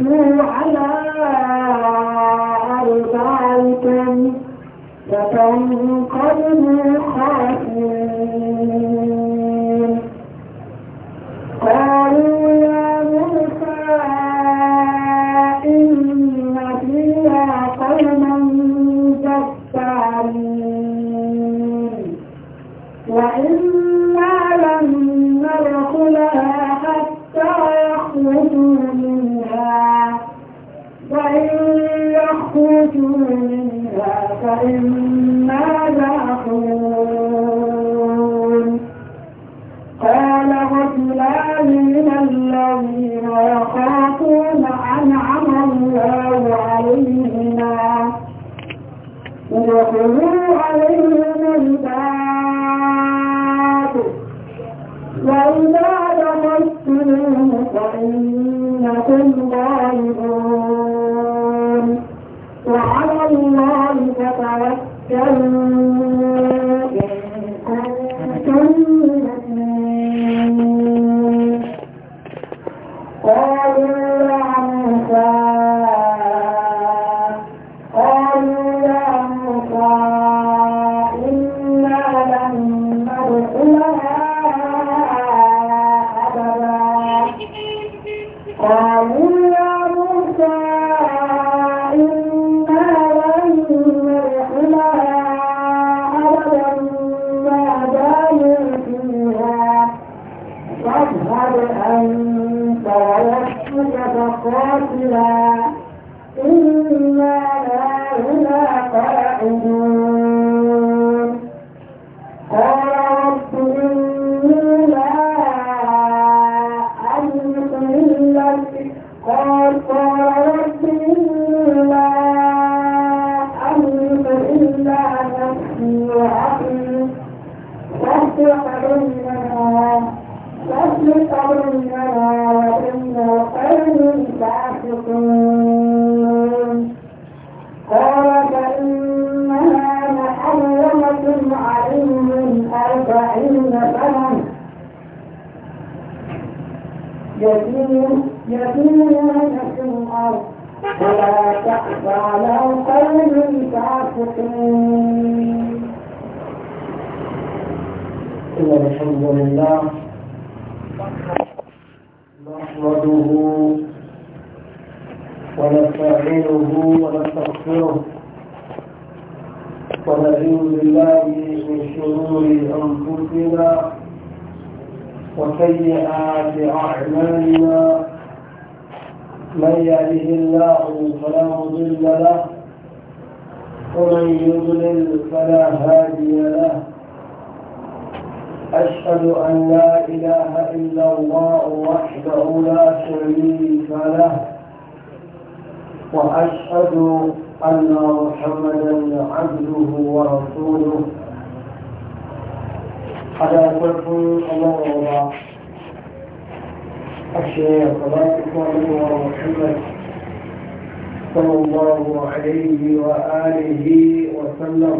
نتلو على أربعكم فكم خاسرين وأشهد أن محمدا عبده ورسوله على كل الله وضع الشيخ صلاة الله ومحمد صلى الله عليه وآله وسلم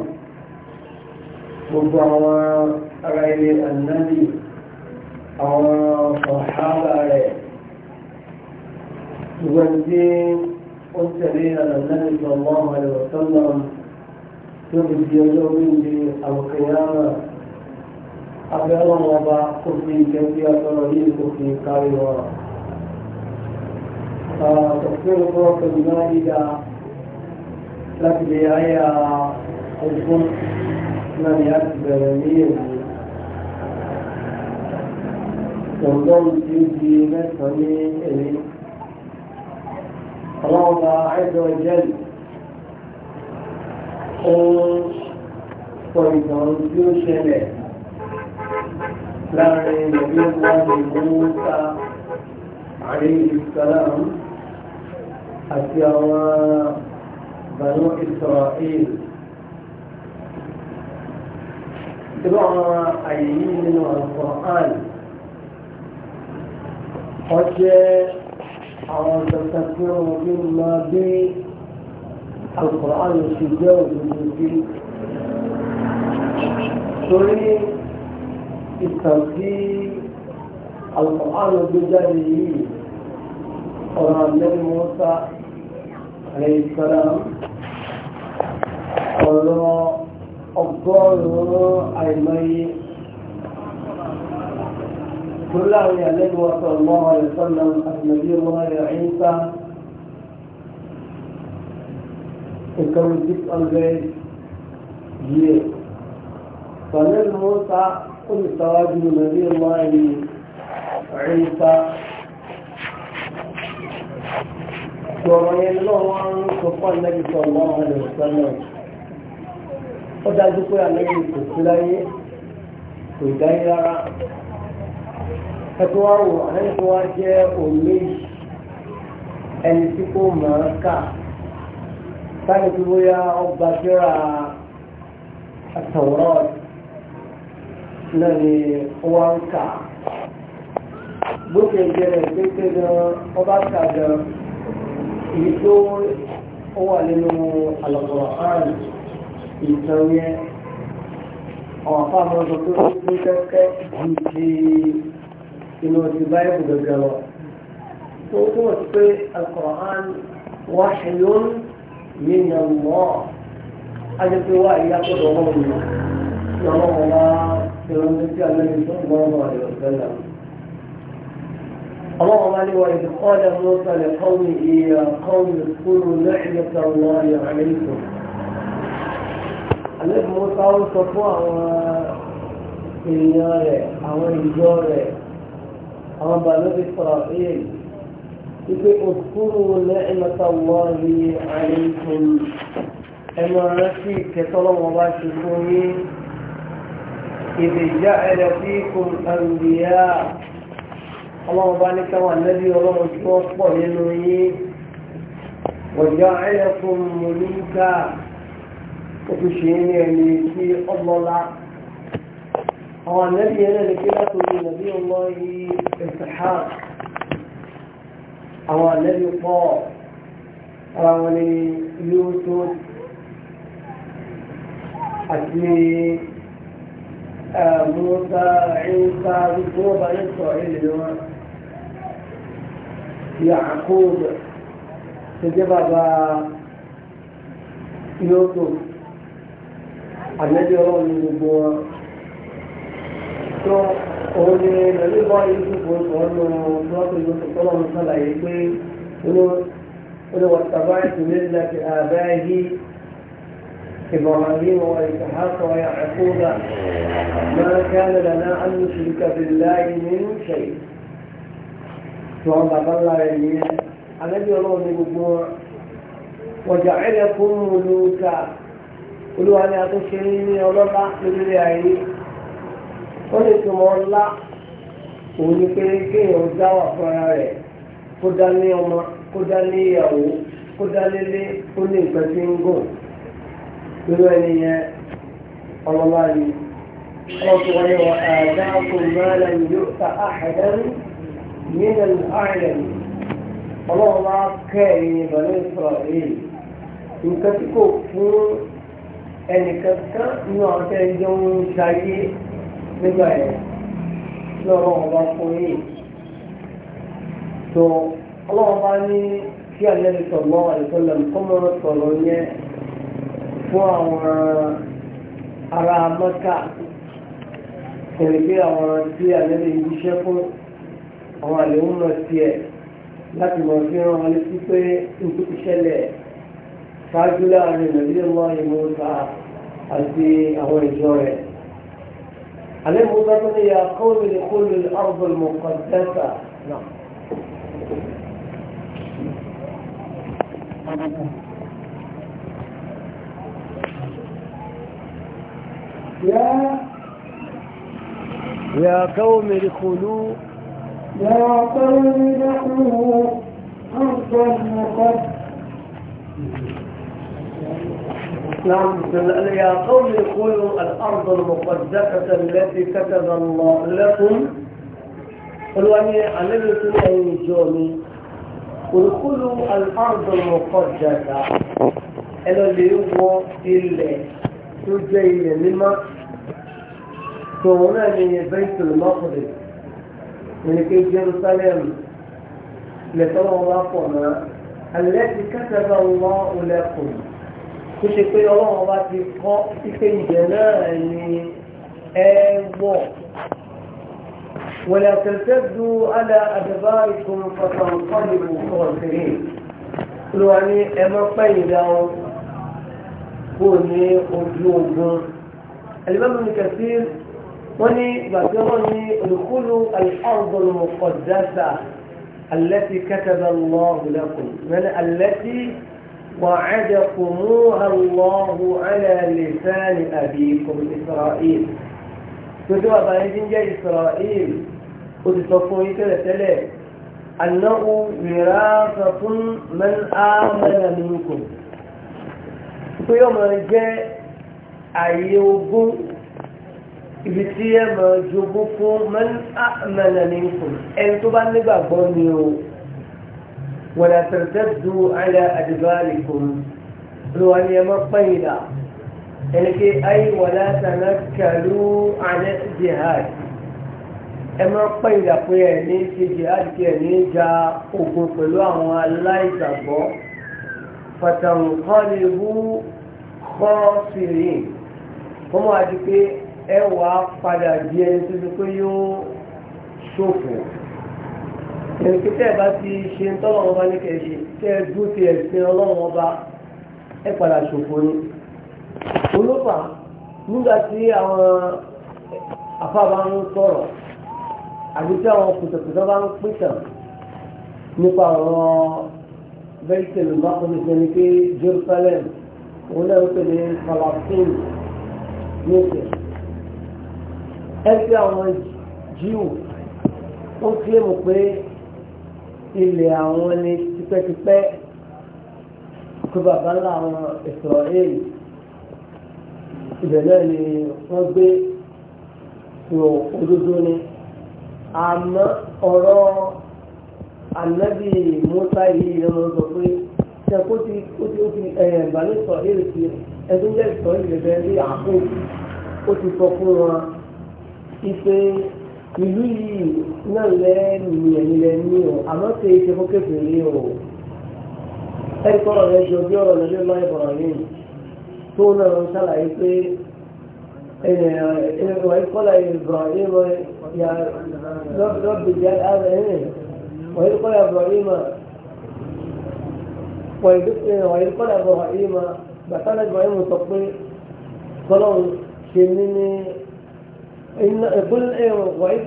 وضعوا غير النبي أو صحابة عليه والسبيل النبي صلى الله عليه وسلم تبدي يوم القيامة أبيض وضع كفي كثيرة رهيب كفي كاريوة تفسير سورة المائدة لك بآية حكم من يكبر منه وضم في دينة من إليه الله عز وجل ohun sọ ìtàn tí ó ṣẹlẹ̀ láàrin ìlú wọn ìmúta àrí ìsàlám àti àwọn Banu Israel ìbá àwọn àyè yìí nínú àwọn àrùn ọjẹ́ àwọn ìtọ́ta tí ó wọ́n bí máa gbé Al-Qur'an ṣe jẹ́ òdodo sí. torí ìtàn tí Al-Qur'an gbé jáde yìí ọ̀rọ̀ àlẹ́bí Mùsá alayhi salam ọ̀rọ̀ ọgọ́rùn-ún àìmọye كل يا النبي صلى الله عليه وسلم النبي الله يا عيسى تكون جزء البيت جيه فمن موسى قل تواجد نبي الله عيسى sọ̀rọ̀ yẹn lọ́wọ́ ń sọ fún ànábì sọ̀rọ̀ àlẹ́ ìsọ́nà ó dájú pé ànábì kò sí láyé kò dáyé rárá ẹtọ́ wa wò àlẹ́ tó wá jẹ́ òní ẹni tí kò máa kà sáyẹn tó bóyá ọgbà jẹ́ra àtọ̀rọ̀ náà ni wá ń kà bókè jẹrẹ pété gan ọba kà gan èyí tó wà nínú àlọ́kọ̀ọ́ àrùn ìtàn yẹn àwọn afáàmọ́ kẹ́kẹ́ ju inú ti báyìí gbẹgbẹ lọ tó túmọ̀ sí pé alukọ̀rán wáṣẹ̀yọ́n nínú mọ́ ajẹ́pé wá ìyàtọ̀ lọ́wọ́ mi lọ́wọ́ wọn bá ìrọ̀ ní ti alẹ́bí tó ń bọ́ wọn àyọ̀ sẹ́lẹ̀. اللهم علي وإذ قال موسى لقومه يا قوم اذكروا نعمة الله عليكم النبي موسى وصفوه وإياه أو إيجاره àwọn bàlóbi sọ̀rọ̀ yìí wípé òkúrò ni'mata Allahi alaykum ẹ máa rántí ìkẹtọ́lọ́wọ́ bá ṣe fún yín ìdè já ẹ̀rẹ̀ sí kùn àǹdíyà ọlọ́run bá ní káwọn ànábì ọlọ́run tí wọ́n pọ̀ nínú yín wọ̀jọ́ ẹ̀rẹ̀ fún mùlúkà ó fi ṣe ní ẹni tí ọlọ́lá هو النبي هنا لكلة نبي الله استحاق هو النبي طاع هو يوسف أتي موسى عيسى يعقوب إسرائيل يعقوب تجبب يوسف النبي رؤى من tó òun ni pẹ̀lú bọ́ ìdúgbò ọ̀nà lọ́tò yóò tó lọ́nà sàlàyé pé olùwàtàbá ìtùlẹ̀ láti àbáyé إبراهيم وإسحاق ويعقوب ما كان لنا أن نشرك بالله من شيء وأن الله يمين على جرون الجموع وجعلكم ملوكا قلوا أنا أتشريني أولوكا لدري ó lè fi mọ ńlá òun ni pé kéèyàn dá wà fúnra rẹ̀ kó dá ní ọmọ kó dá ní ìyàwó kó dá lélé ó ní nǹkan tí ń gùn nínú ẹni yẹn ọlọ́lá ni wọ́n fi wáyé wọ àdáàkùn mẹ́rin yóò ta àhẹ́dẹ́rù nínú àìlẹ̀mù ọlọ́run bá kẹ́ ẹ̀yin ìbànú ìsọ̀rọ̀ yìí nǹkan tí kò fún ẹnìkan kan ní ọ̀tẹ̀ ìjọ ń ṣayé nígbà yẹn tí ọlọ́run bá fún yìí tó ọlọ́run bá ní kí àlẹ́lẹ́ sọ̀gbọ́n àdìsọ́lẹ̀ kọ́mọ́rọ́ sọ̀rọ̀ yẹn fún àwọn ará mẹ́kà kẹ̀lé pé àwọn tí àlẹ́lẹ́ yìí ṣiṣẹ́ fún àwọn àlẹ́wò náà tiẹ̀ láti mọ̀ fi ràn wọn létí pé nǹkó ti ṣẹlẹ̀ ṣáájú láàrin nàìjíríà ìmọ̀ ọ̀tá àti àwọn ìjọ rẹ̀. عليهم موسى يا قوم لكل الأرض المقدسة نعم يا يا قوم ادخلوا يا قوم ادخلوا أرض المقدسة نعم يا قوم ادخلوا الأرض المقدسة التي كتب الله لكم قلوا أني عملت أي جوني ادخلوا الأرض المقدسة إلى اللي هو اللي تجي لما تونان بيت المقدس من كي جيروساليم لتوى الله التي كتب الله لكم tó ṣe pé ọlọ́run bá ti kọ́ ipe ìjẹ náà ni ẹ wọ̀ wọ̀lẹ̀ àtẹ̀tẹ̀dù alẹ́ àdẹ̀bá ìkùn pàtàkọ́lù ọ̀sẹ̀rẹ̀ olúwa ní ẹ mọ́ pẹ́yìn dáhùn kò ní ojú ogun alimami ní kẹsí wọ́n ní gbàgbé wọn ní olùkúlù alhàndùn mọ̀kọ̀dásà alẹ́tì kẹtẹ̀dà lọ́ọ̀hùn lẹ́kùn mẹ́ni alẹ́tì وعدكموها الله على لسان أبيكم إسرائيل تدوى بعدين جاء إسرائيل وتصفوا كده تلات أنه وراثة من آمن منكم في يوم جاء أيوب ibiti ẹ mọ̀ jogún fún mẹ́ni àmàlà nìkan ولا ترتدوا على أدباركم لو أن يمطينا يعني أي ولا تنكلوا على الجهاد ẹmọ pẹ́ ìdàpọ̀ ẹ̀ ní ṣe jihad kí ẹ̀ ní ja ogun pẹ̀lú àwọn aláìsàgbọ́ pàtàkì kan lè hú kọ́ sílẹ̀ wọ́n máa di pé ẹ wàá padà di ẹni tó ti pé yóò ṣòfò ẹ̀rìkì tẹ́ ẹ bá ti ṣe tọ́lọ́wọ́n bá ní kẹ̀ṣe tẹ́ ẹ dúró ti ẹ̀sìn ọlọ́wọ́n bá ẹ padà ṣòfò ni. olófà nígbà tí àwọn afábá ń sọ̀rọ̀ àbí tí àwọn kùtàkùtà bá ń pìtàn nípa àwọn bẹ́ẹ̀tẹ̀lù mákòmíṣẹ́ ní pé Jerusalem òun náà ń pè ní Palestine ní ìpè ẹ ti àwọn jíù ó kílèmù pé ilẹ̀ àwọn ni tipẹ́tipẹ́ kó bàbá ńlá àwọn Israel ibẹ̀ náà ni wọ́n gbé tó òdodo ni àmọ́ ọ̀rọ̀ ànábì Musa yìí ló ń sọ pé ṣe kó ti ó ti ó fi ẹ̀yìn ìbálẹ̀ sọ èrè sí ẹdún jẹ́ ìsọ̀rọ̀ ìrẹ̀bẹ̀ rí àpò ó ti sọ fún wọn ipe ìlú yìí náà lẹ́nu ẹ̀yìn lẹ́nu o àmọ́ ṣe é ṣe fún kékeré o ẹ̀rí kọ́ ọ̀rọ̀ ẹ̀jọ̀ bí ọ̀rọ̀ lọ́dún lọ́ọ́ ìbọ̀rọ̀ yìí tó náà ń ṣàlàyé pé وإذ قال إبراهيم يا رب اجعل هذا وإذ قال إبراهيم وإذ قال إبراهيم بطل إبراهيم تقول قالوا شنني إن كل إيه وإذ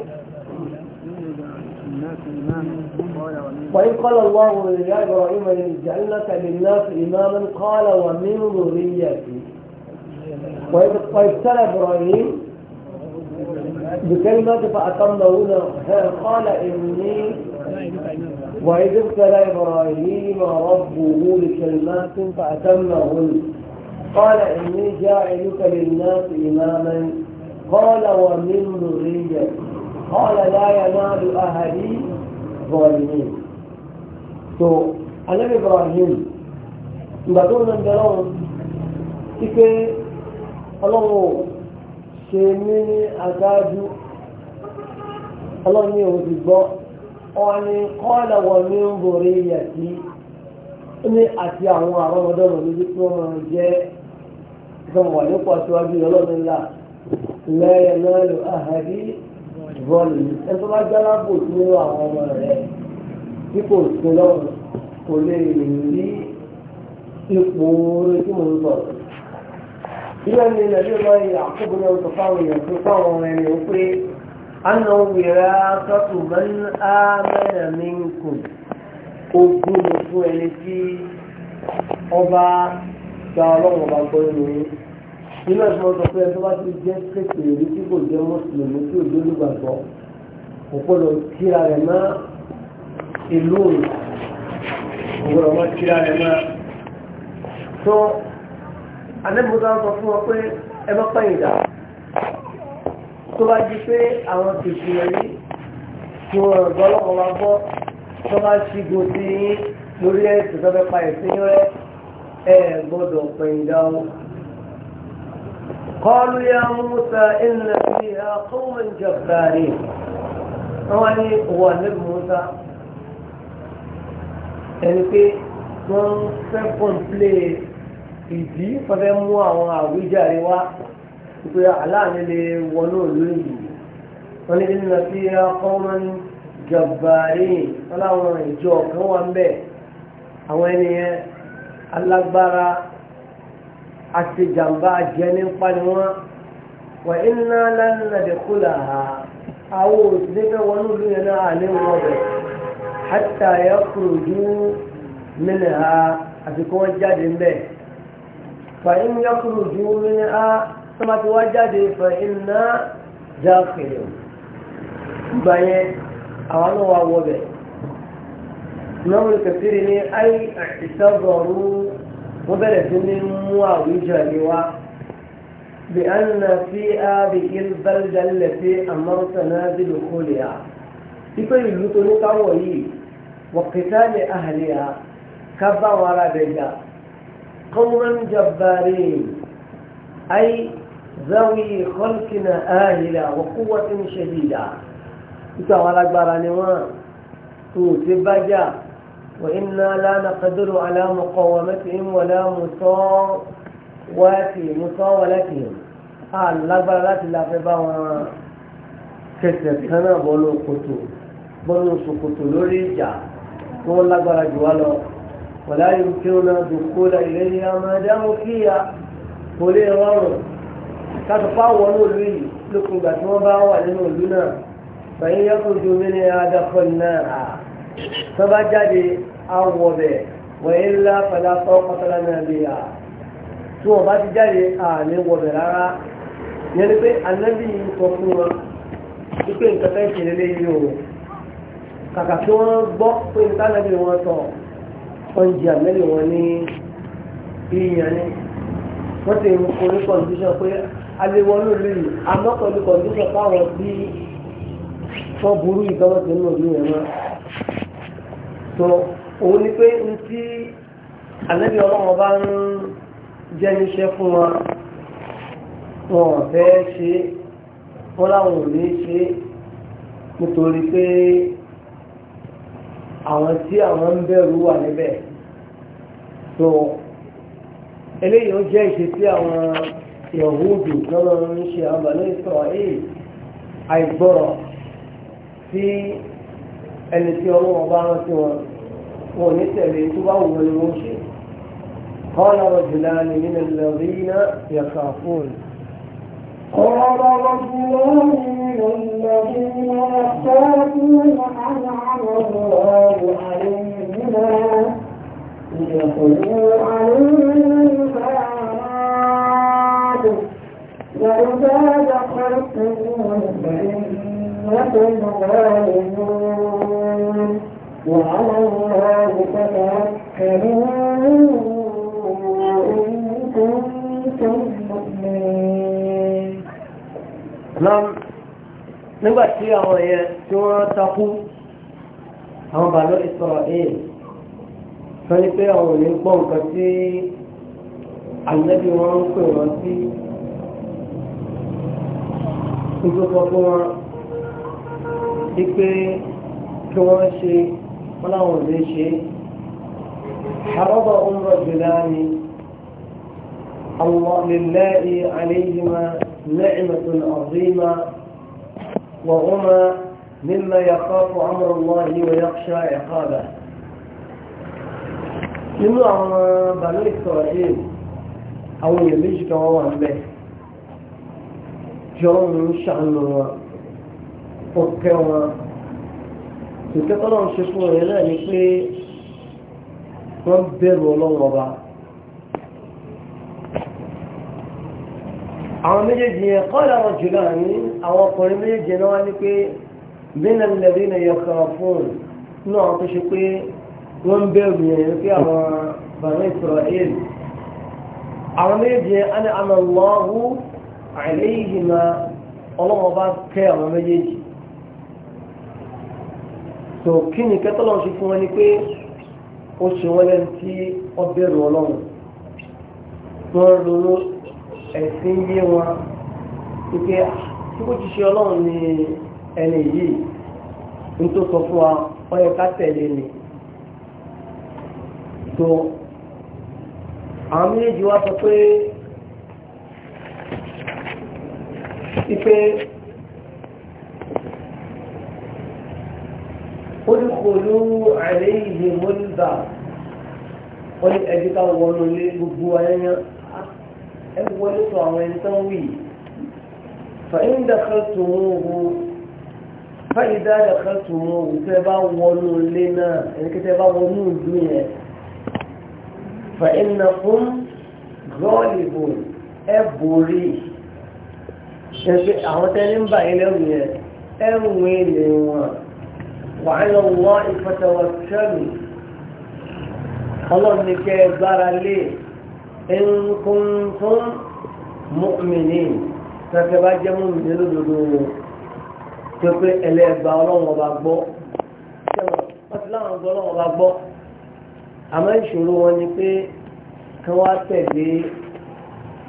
وإذ قال الله يا إبراهيم إن للناس إماما قال ومن ذريتي وإذ طيب ابتلى إبراهيم بكلمة فأتمهن قال إني وإذ ابتلى إبراهيم ربه بكلمات فأتمهن قال إني جاعلك للناس إماما قال ومن ذرية قال لا ينال أهلي ظالمين تو النبي إبراهيم بدون من دلون إكي الله شميني أكاجو الله يهدي ọ̀ni kọ́lẹ̀ wọ̀ ní ń borí yẹ̀ àti àwọn àrọ́mọdọ́mọ lójú tí wọ́n máa jẹ́ ìfọ̀mọ̀wà nípa síwájú ọlọ́run ńlá lẹ́yìn náà lò ahàbí bọ́ọ̀lù ẹ tó bá jálábò tó nínú àwọn ọmọ rẹ tí kò sí lọ́wọ́ kò lè rí ipò orí tí mo ń sọ. ilé mi nàbí ọmọ yìí àkókò náà sọ fáwọn èèyàn tó fáwọn ọmọ ẹni pé ana wìrà sọ́tù mọ́n ámẹ́rẹ̀ mi ń kù ogún mi fún ẹni tí ọba gba ọlọ́run ọba gbọ́ nínú nínú ẹ̀sùn ọ̀sọ̀ pé ẹ̀sọ́ bá ti jẹ́ kékeré rí tí kò jẹ́ mùsùlùmí tí ò jẹ́ olùgbàgbọ́ kò gbọ́dọ̀ kíra rẹ̀ mọ́ ìlú òun kò gbọ́dọ̀ mọ́ kíra rẹ̀ mọ́. tó anẹ́bùdá sọ fún ọ pé ẹ bá pẹ́ ìdá tó bá di pé àwọn tètè yẹn tí wọ́n gbọ́ lọ́wọ́ wa gbọ́ tó bá ṣígun sí lórí ẹ̀sìn tó fẹ́ pa ẹ̀sìn rẹ̀ ẹ̀ gbọ́dọ̀ قالوا يا موسى إن فيها قوما جبارين يعني هو نبي موسى يعني في wọ́n fẹ́ kọ́ńplé ìdí fọ́fẹ́ mú àwọn àwíjàre wá pé aláàánú lè wọnú lóyìn wọ́n ní nínú sí ọkọ̀ọ́mọ́n jọ̀bàrí wọ́n láwọn ìjọ kan wà ń bẹ̀ àwọn ẹni yẹn alágbára àti jàmbá jẹ́ nípa ni wọ́n wà iná lánàdé kúlà ha àwọn òṣìṣẹ́ fẹ́ wọn ló lóyún náà ní wọn bẹ̀ hátà yẹ kúrò ju mẹ́nà ha àti kí wọ́n jáde ń bẹ̀ fàyín yẹ kúrò ju mẹ́nà ha sọ́mà tí wọ́n jáde fàyín náà já kìlọ̀ gbà àwọn náà wà wọ bẹ̀. Nàmúlùkẹ́sìrì ni ayé àìsàn bọ̀rù. مدرك من مواجهة بأن في بك البلدة التي أمرتنا بدخولها تقول يلوتون قوي وقتال أهلها كبار بها قوما جبارين أي ذوي خلقنا آهلة وقوة شديدة تقول أكبر أنواع وإنا لا نقدر على مقاومتهم ولا مطاولتهم alágbára láti láfẹ́ bá wọn kẹsẹ̀ kánà bọ́nú kòtò bọ́nú ṣòkòtò lórí ìjà tó wọ́n lágbára jù wá lọ wọ̀lá yìí kí wọn náà dòkó la ilé ní amádáwó kíyà kò lè rọrùn kásùpá wọn ní òlú yìí lókun ìgbà tí wọ́n bá wà nínú òlú náà bàyí yẹ kó ju mí ní adakọ̀ náà tó bá jáde awọ bẹ̀ wọ̀nyí ńlá padà fọ́ pátálá náà bí a tí wọ́n bá ti jáde àní wọ bẹ̀ rárá yẹn ni pé anábì yìí sọ fún wa wípé nǹkan fẹ́ ṣe lélẹ́yìí o kàkà kí wọ́n gbọ́ pé nǹkan anábì wọn sọ ọjà mẹ́lẹ̀ wọn ní ìyẹn ni wọ́n ti ń kó ní kọ̀ǹdíṣọ̀ pé aléwọ́ ló lè yìí àmọ́ pẹ̀lú kọ̀ǹdíṣọ̀ káwọn bí wọ́n burú ìgbọ́wọ́sẹ̀ nínú ìlú yẹn mọ́ tó òun ni pé n tí ànábì ọlọ́run bá ń jẹ́ níṣẹ́ fún wọn wọn fẹ́ ṣe wọ́n láwọn ò ní ṣe nítorí pé àwọn tí àwọn ń bẹ̀rù wà níbẹ̀ tó eléyìí ó jẹ́ ìṣe tí àwọn yahudu lọ́nà ń ṣe àbálẹ́ ìsọ̀rọ̀ èyí àìgbọ́rọ̀ sí ẹni tí ọlọ́run bá rántí wọn. ونتبه تبعوا الموشي قال رجلان من الذين يخافون قال رجلان من الذين يخافون أنعم الله عليهما ليدخلوا عليهم فأرادوا وإذا دخلتم فإنكم غالبون وعلى الله فتوكلوا إن كنتم مؤمنين نعم nígbà tí àwọn ẹ̀yẹ tí wọ́n takú àwọn bàbá Israel sọ ní pé àwọn òní gbọ́ nǹkan tí àlẹ́bí wọn ń pè wọ́n sí nítorí sọ fún wọn wípé kí wọ́n ṣe wọ́n láwọn ò lè ṣe àrọ́bọ̀ ọmọ jùlá ni àwọn lèlẹ́ì àlẹ́yìnmá lẹ́ẹ̀mẹ̀tún ọ̀dínmá وهما مما يخاف امر الله ويخشى عقابه nínú àwọn bàánú ìsọ̀rọ̀lẹ́ àwọn èèyàn méjì kan wọ́n wà ń bẹ̀ ń ṣàánú wọn ó kẹ́ wọn ìkẹ́kọ̀ọ́ ń ṣe fún rẹ̀ náà ni pé wọ́n bẹ̀rù ọlọ́run ọba àwọn méjèèjì yẹn kọ́lá wọn jùlọ ní àwọn ọkùnrin méjèèjì náà wá ní pé bínú ẹ̀lẹ́bí náà yẹ kọ́ fún náà tó ṣe pé wọ́n bẹ̀rù yẹn pé àwọn bàbá Israel àwọn méjèèjì yẹn á ní àmàlọ́hù àìlẹ́yìn náà ọlọ́run ọba kẹ́ àwọn méjèèjì tó kí ni kẹtọ́lọ́ ṣe fún wọn ni pé ó ṣe wọ́n lẹ́nu tí ó bẹ̀rù ọlọ́run wọ́n ronú ẹ̀sìn yé wọn wípé ah, tí kò ti ṣe ọlọ́run ní ẹni yìí ní tó sọ fún wa wọ́n yẹ ká tẹ̀lé ni tó àwọn méjèèjì wá sọ pé ipe ادخلوا عليهم الباب wọ́n ní ẹbí ká wọnú ilé gbogbo ayẹyẹ ẹ wọlé tó àwọn ẹni tán wí fàyín dàkẹ́ tó mú owó fàyín dàkẹ́ tó bá wọnú ilé náà ẹni kí bá wọnú ìlú yẹn fàyín fún gọ́ọ̀lìbò ẹ borí àwọn tẹ́lẹ̀ ń bà yín lẹ́rù yẹn ẹ ń wọn. وعلى الله فتوكلوا اللهم كي بارا لي إن كنتم مؤمنين فتبجى مؤمنين لدوه تقول إلي أبالون وبابو ọ̀sìláwọn ọlọ́wọ́ bá gbọ́ àmọ́ ìṣòro wọn ni pé kí wọ́n á tẹ̀lé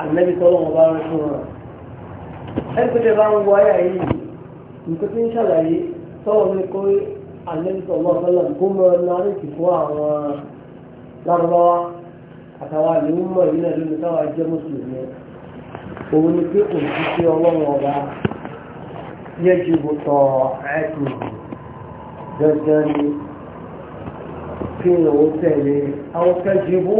ànẹ́bìtọ́ ọlọ́wọ́ bá rán fún wọn ẹni pé tẹ bá ń wọ ayà yìí nǹkan tí ń ṣàlàyé tọ́wọ́ mi kó àlẹ́bíkọ̀ ọlọ́ọ̀fẹ́lẹ̀ kó mọ náírà ti fún àwọn lárúbáwá àtàwọn àlẹ́wò mọ̀ yìí náà lónìí táwọn mùsùlùmí òun ni pé òun ti ṣe ọlọ́run ọba yẹ ju bùtọ̀ ẹ̀kù dandan ni kí ni òun tẹ̀lé àwọn kẹjì bú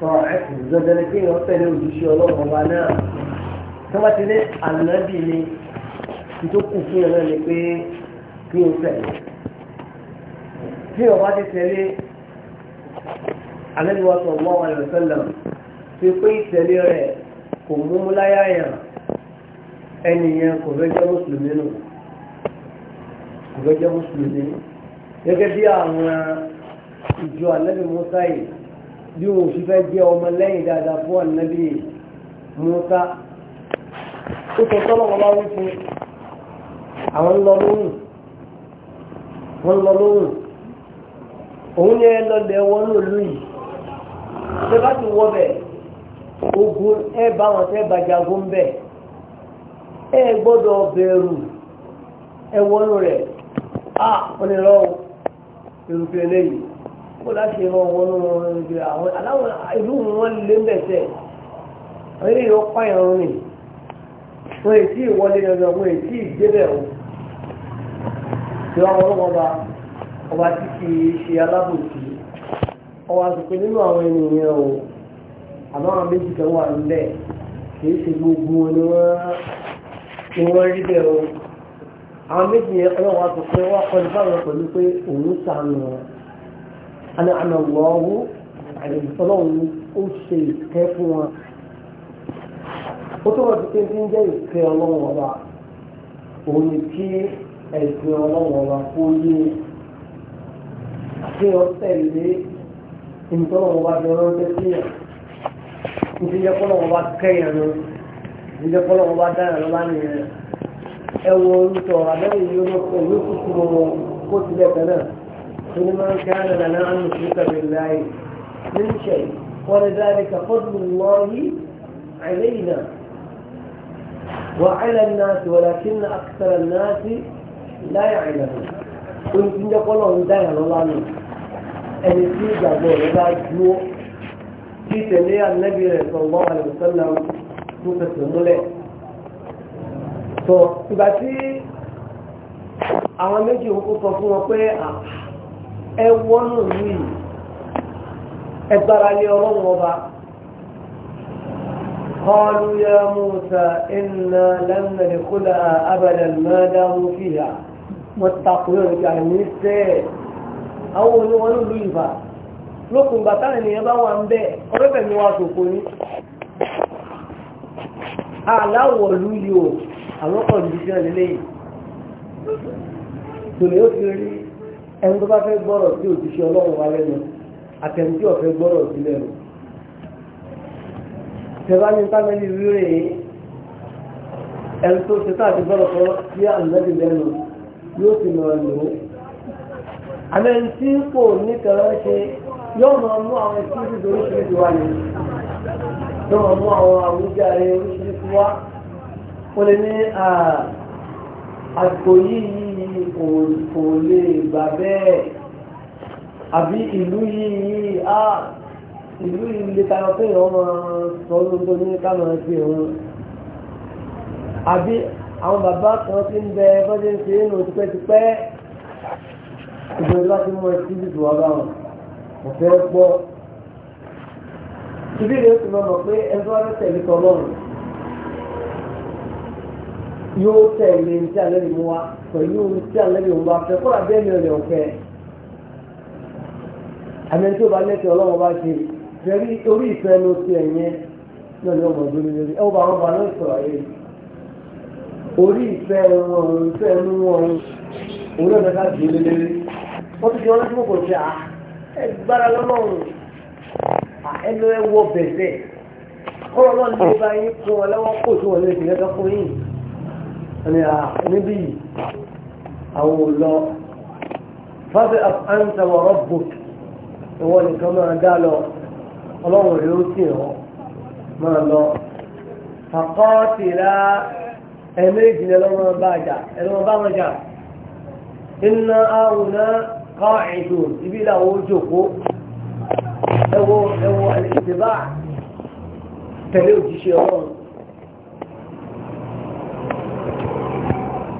tọ̀ ẹ̀kù dandan ni kí ni òun tẹ̀lé òjíṣẹ́ ọlọ́run ọba náà tí wọ́n ti ní ànábì ni tó fún yẹn ni pé kí ni tẹ̀lé tí ọba ti tẹ̀lé alẹ́lúwa sallallahu alaihi wasallam ti pé ìtẹ̀lé rẹ̀ kò mú láyàyàn ẹnìyàn kò fẹ́ jẹ́ mùsùlùmí nù kò fẹ́ jẹ́ mùsùlùmí gẹ́gẹ́ bí àwọn ìjọ alẹ́bí Musa yìí bí wọn ò fi fẹ́ jẹ́ ọmọ lẹ́yìn dáadáa fún ànábì Musa ó sọ tọ́lọ̀ wọn bá wí fún àwọn ńlọ lóhùn wọn lọ lóhùn. òun ní ẹ lọlẹ̀ wọnú ìlú bá ti wọ bẹ̀ ogun ẹ bá wọn fẹ́ bàjágún bẹ̀ ẹ gbọ́dọ̀ bẹ̀rù rẹ̀ a wọn ni lọ́wọ́ èrùkè lẹ́yìn kó láti wọn wọnú ìgbé àwọn aláwọn ìlú wọn lé mẹ́sẹ̀ àwọn ilé yóò pààyàn wọn èsì ìwọlé dandan wọn èsì ìgbébẹ̀ wọn. Ìjọba ọlọ́wọ́ bá ọba tí kì í ṣe alábòsí ọba sọ pé nínú àwọn ènìyàn o àbáwọn méjì kan wà níbẹ̀ kì í ṣe gbogbo ni wọ́n rí o àwọn méjì yẹn ọlọ́wọ́ sọ pé wọ́n kọ́ ní fáwọn pẹ̀lú pé òun sànù àná àná wọ́ọ́wọ́ àdìsọ́lọ́hún ó ṣe ìkẹ́ fún wọn ó tó wọ́n ti pé ń jẹ́ ọba kí wọ́n tẹ̀lé ìtọ́lọ́wọ́ bá jọ ránṣẹ́ sí yàn nítorí jẹ́ kọ́lọ́wọ́ bá kẹ́yàn lọ nítorí jẹ́ kọ́lọ́wọ́ bá dáyàn lọ lánàá yẹn ẹ wo orúkọ abẹ́rẹ́ yìí ló kọ ìlú kúkú wọn kó ti bẹ́ẹ̀ tẹ́lẹ̀ tó ní máa ń kí ánà dáná ánà sí kàbí láàyè nínú ṣe wọ́n lè dáre ká fọ́dù lọ́ọ̀yì àìlẹ́yìnà wà áìlẹ̀ náà ti wọ̀lá kí ní àkàtàrà náà ti láyà àìlẹ̀ ẹni tí ìgbàgbọ́ rẹ̀ bá dúró tí tẹ̀lé ànábì rẹ̀ sọ̀rọ̀ àlùsọ́lá tó fẹsẹ̀ múlẹ̀. sọ ìgbà tí àwọn méjì ń kó sọ fún wọn pé ẹ wọ́nù yìí ẹ lé ọlọ́run ọba. قالوا يا موسى إنا لن ندخلها أبدا ما داموا فيها متقون يعني àwọn oníwọ́n ló lu ìbà lókun bàtà ènìyàn bá wà ń bẹ́ ọlọ́bẹ̀ ni wà sòkò ní aláwọ̀ lú yìí o àwọn kọ̀ǹdíṣàn lélẹ́yìn tòlẹ́ ó fi rí ẹni tó bá fẹ́ gbọ́rọ̀ sí òṣìṣẹ́ ọlọ́run wa lẹ́nu àtẹ̀mí tí ọ̀fẹ́ gbọ́rọ̀ sí lẹ́nu tẹ̀bá ní tábẹ́lì rírẹ̀ ẹni tó ṣe táàtì gbọ́rọ̀ kan sí àlùmẹ́bí lẹ́nu yóò ti mọ̀ ọ́ àmì ẹni tí kò ní tẹ̀lé ṣe yóò máa mú àwọn ẹtí ìdíje oríṣiríṣi wá ní yóò máa mú àwọn àwùjáre oríṣiríṣi wá ó lè ní àsìkò yìí kò lè gbà bẹ́ẹ̀ àbí ìlú yìí á ìlú yìí lè tayọ pé èèyàn máa sọ lóńdó ní káwọn ẹgbẹ òun àbí àwọn bàbá kan ti ń bẹ bọ́dé ń ṣe é nù tipẹ́tipẹ́ ìgbẹ́ láti mọ ẹtí dìbò ara wọn kò fẹ́ gbọ́. ibi rẹ̀ ti mọ̀ pé ẹjọ́ rẹ̀ tẹ̀lé tọlọ́run yóò tẹ̀lé tí alẹ́ lè mú wa pẹ̀lú tí alẹ́ lè mú wa fẹ́ kó làbẹ́ mi ò lè fẹ́. àmì tí o bá lẹ́tọ̀ ọlọ́run bá ṣe fẹ́rí orí ìfẹ́ ló ti ẹ̀yẹ náà ni ọmọ ìdúró lórí ẹ̀ wọ́n bá wọn bá lọ́ ìsọ̀rọ̀ yìí orí ìfẹ́ wọn òun ìfẹ́ inú wọn òun náà lọ́ka dúró lórí wọ́n ti fi wọn lọ́sọ̀mọ́ kò jẹ́ à ah, ẹ gbára lọ́lọ́run ah, ẹnu ẹ wọ bẹ̀rẹ̀ kọ́rọ̀ náà ní bá yín kún wọn lọ́wọ́ kó tó wọn lè fi lẹ́tọ́ fún yín ah, ẹni à níbí àwọn ò lọ fásitì àǹtà wọ̀rọ̀ bòk ìwọ nìkan máa dá lọ ọlọ́run rẹ̀ sì hàn máa lọ fàkọ́ọ̀tìlá ẹ̀mẹ́jì ni bá jà ẹlọ́mọ bá wọn jà iná àwùná قاعدون ibi làwọn ó jòkó ẹwọ ẹwọ àlèkìtìbá tẹ̀lé òjíṣẹ́ ọlọ́run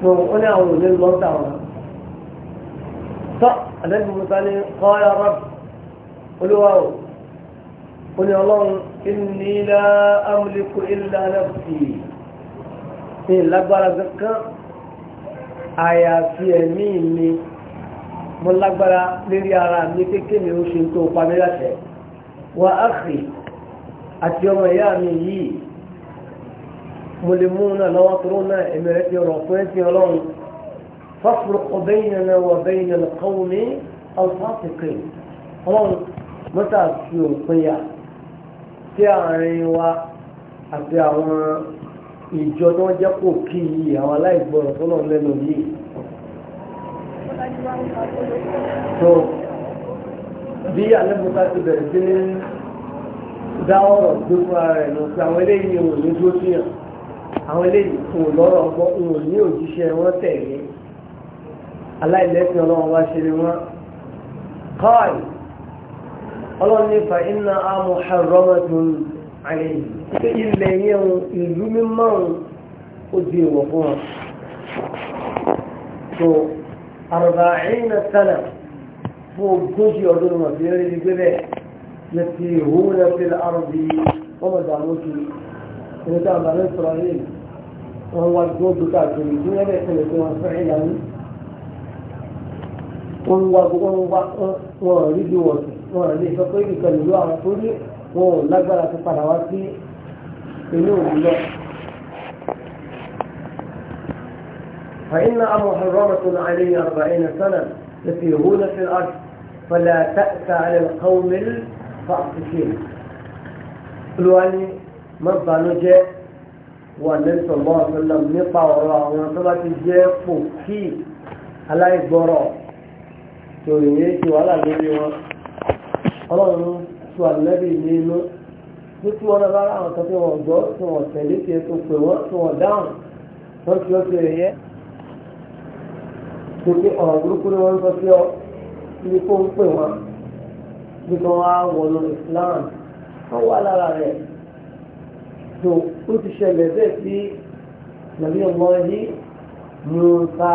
tó ó ní àwọn òní lọ́dà wọn tọ́ àlẹ́bí musa ní kọ́lá rọ́bì olúwa o ó ọlọ́run inni la amliku illa nafsi ní lágbára kankan àyàfi ẹ̀mí mi mo lágbára lérí ara mi kékeré mi ó ṣe tó pa mí láṣẹ wa áàfì àti ọmọ ìyá mi yìí mo lè mú náà lọ́wọ́ tó náà èmi rẹ̀ ti rọ̀ fún ẹ̀sìn ọlọ́run فافرق بيننا وبين القوم الفاسقين ọlọ́run mọ́tà fi òpinya sí àárín wa àti àwọn ìjọ tó ń jẹ́ kò kí yìí àwọn aláìgbọràn tó lọ lẹ́nu yìí tó bí alẹ́mọ̀tá ti bẹ̀rẹ̀ sí ní dáwọ́rọ̀ gbogbo ara rẹ̀ lọ sí àwọn eléyìí ò ní dúró sí yàn àwọn eléyìí fún lọ́rọ̀ ọgbọ́ òun ní òjíṣẹ́ wọn tẹ̀lé aláìlẹ́sìn ọlọ́run wá ṣe ni wọ́n kọ́ọ̀lì ọlọ́run ní fa iná àmọ́ ṣàrọ́mọ́tún àlẹ́yìn pé ilẹ̀ yẹn ìlú mímọ́ ó di ìwọ̀ fún wọn. أربعين سنة فوقوشي أدون ما في يريد كده يتيهون في الأرض وما دعوتي إن كان بني إسرائيل وهو الجود بتاع الجريدين لا يختلفون فعلا wọn rí bí wọn wọn lè sọ pé ìkànnì ló àwọn tó ní wọn فإن محرمة عليه أربعين سنة يسيرون في الأرض فلا تأس على القوم الفاسقين الوالي ما بانوجة والنبي صلى الله عليه وسلم نقع وراء ونصبت جاء فوكي على إدبارا تورينيك ولا غيره ọlọ́run tó àlẹ́bí ní inú tó tí wọ́n lára àwọn kan tí wọ́n gbọ́ tí wọ́n tẹ̀lé tí wọ́n pè wọ́n tí wọ́n dáhùn wọ́n fi ọ́ sí ẹ̀yẹ́ tó pé ọ̀rọ̀ burúkú ni wọ́n ń sọ sí ọ ibi kó ń pè wọ́n bí kí wọ́n á wọnú Islam wọ́n wà lára rẹ̀ tó ó ti ṣẹlẹ̀ bẹ́ẹ̀ sí nàbí ọmọ yìí Mùsá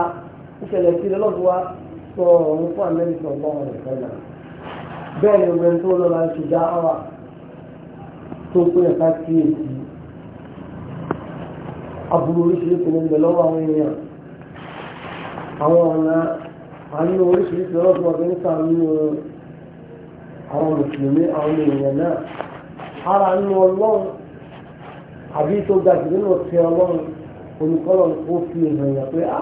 ó ṣẹlẹ̀ sí lọ́dún wa sọ ọ̀run fún àmẹ́lì sọ̀gbọ́n ọ̀rọ̀ ìfẹ́lá bẹ́ẹ̀ ni obìnrin tó lọ́la ṣùgbá ọ̀rà tó pé ẹ̀ka kíyèsí aburú oríṣiríṣi ní ìgbẹ̀lọ́wọ́ àwọn èèyàn àwọn ọ̀nà àánú oríṣiríṣi ọlọ́pàá ọ̀gbìn ń sàánú àwọn mùsùlùmí àwọn èèyàn náà ara nù ọlọ́run àbí tó ga jù nínú ti ọlọ́run olùkọ́lọ̀ ó fi èèyàn yà pé á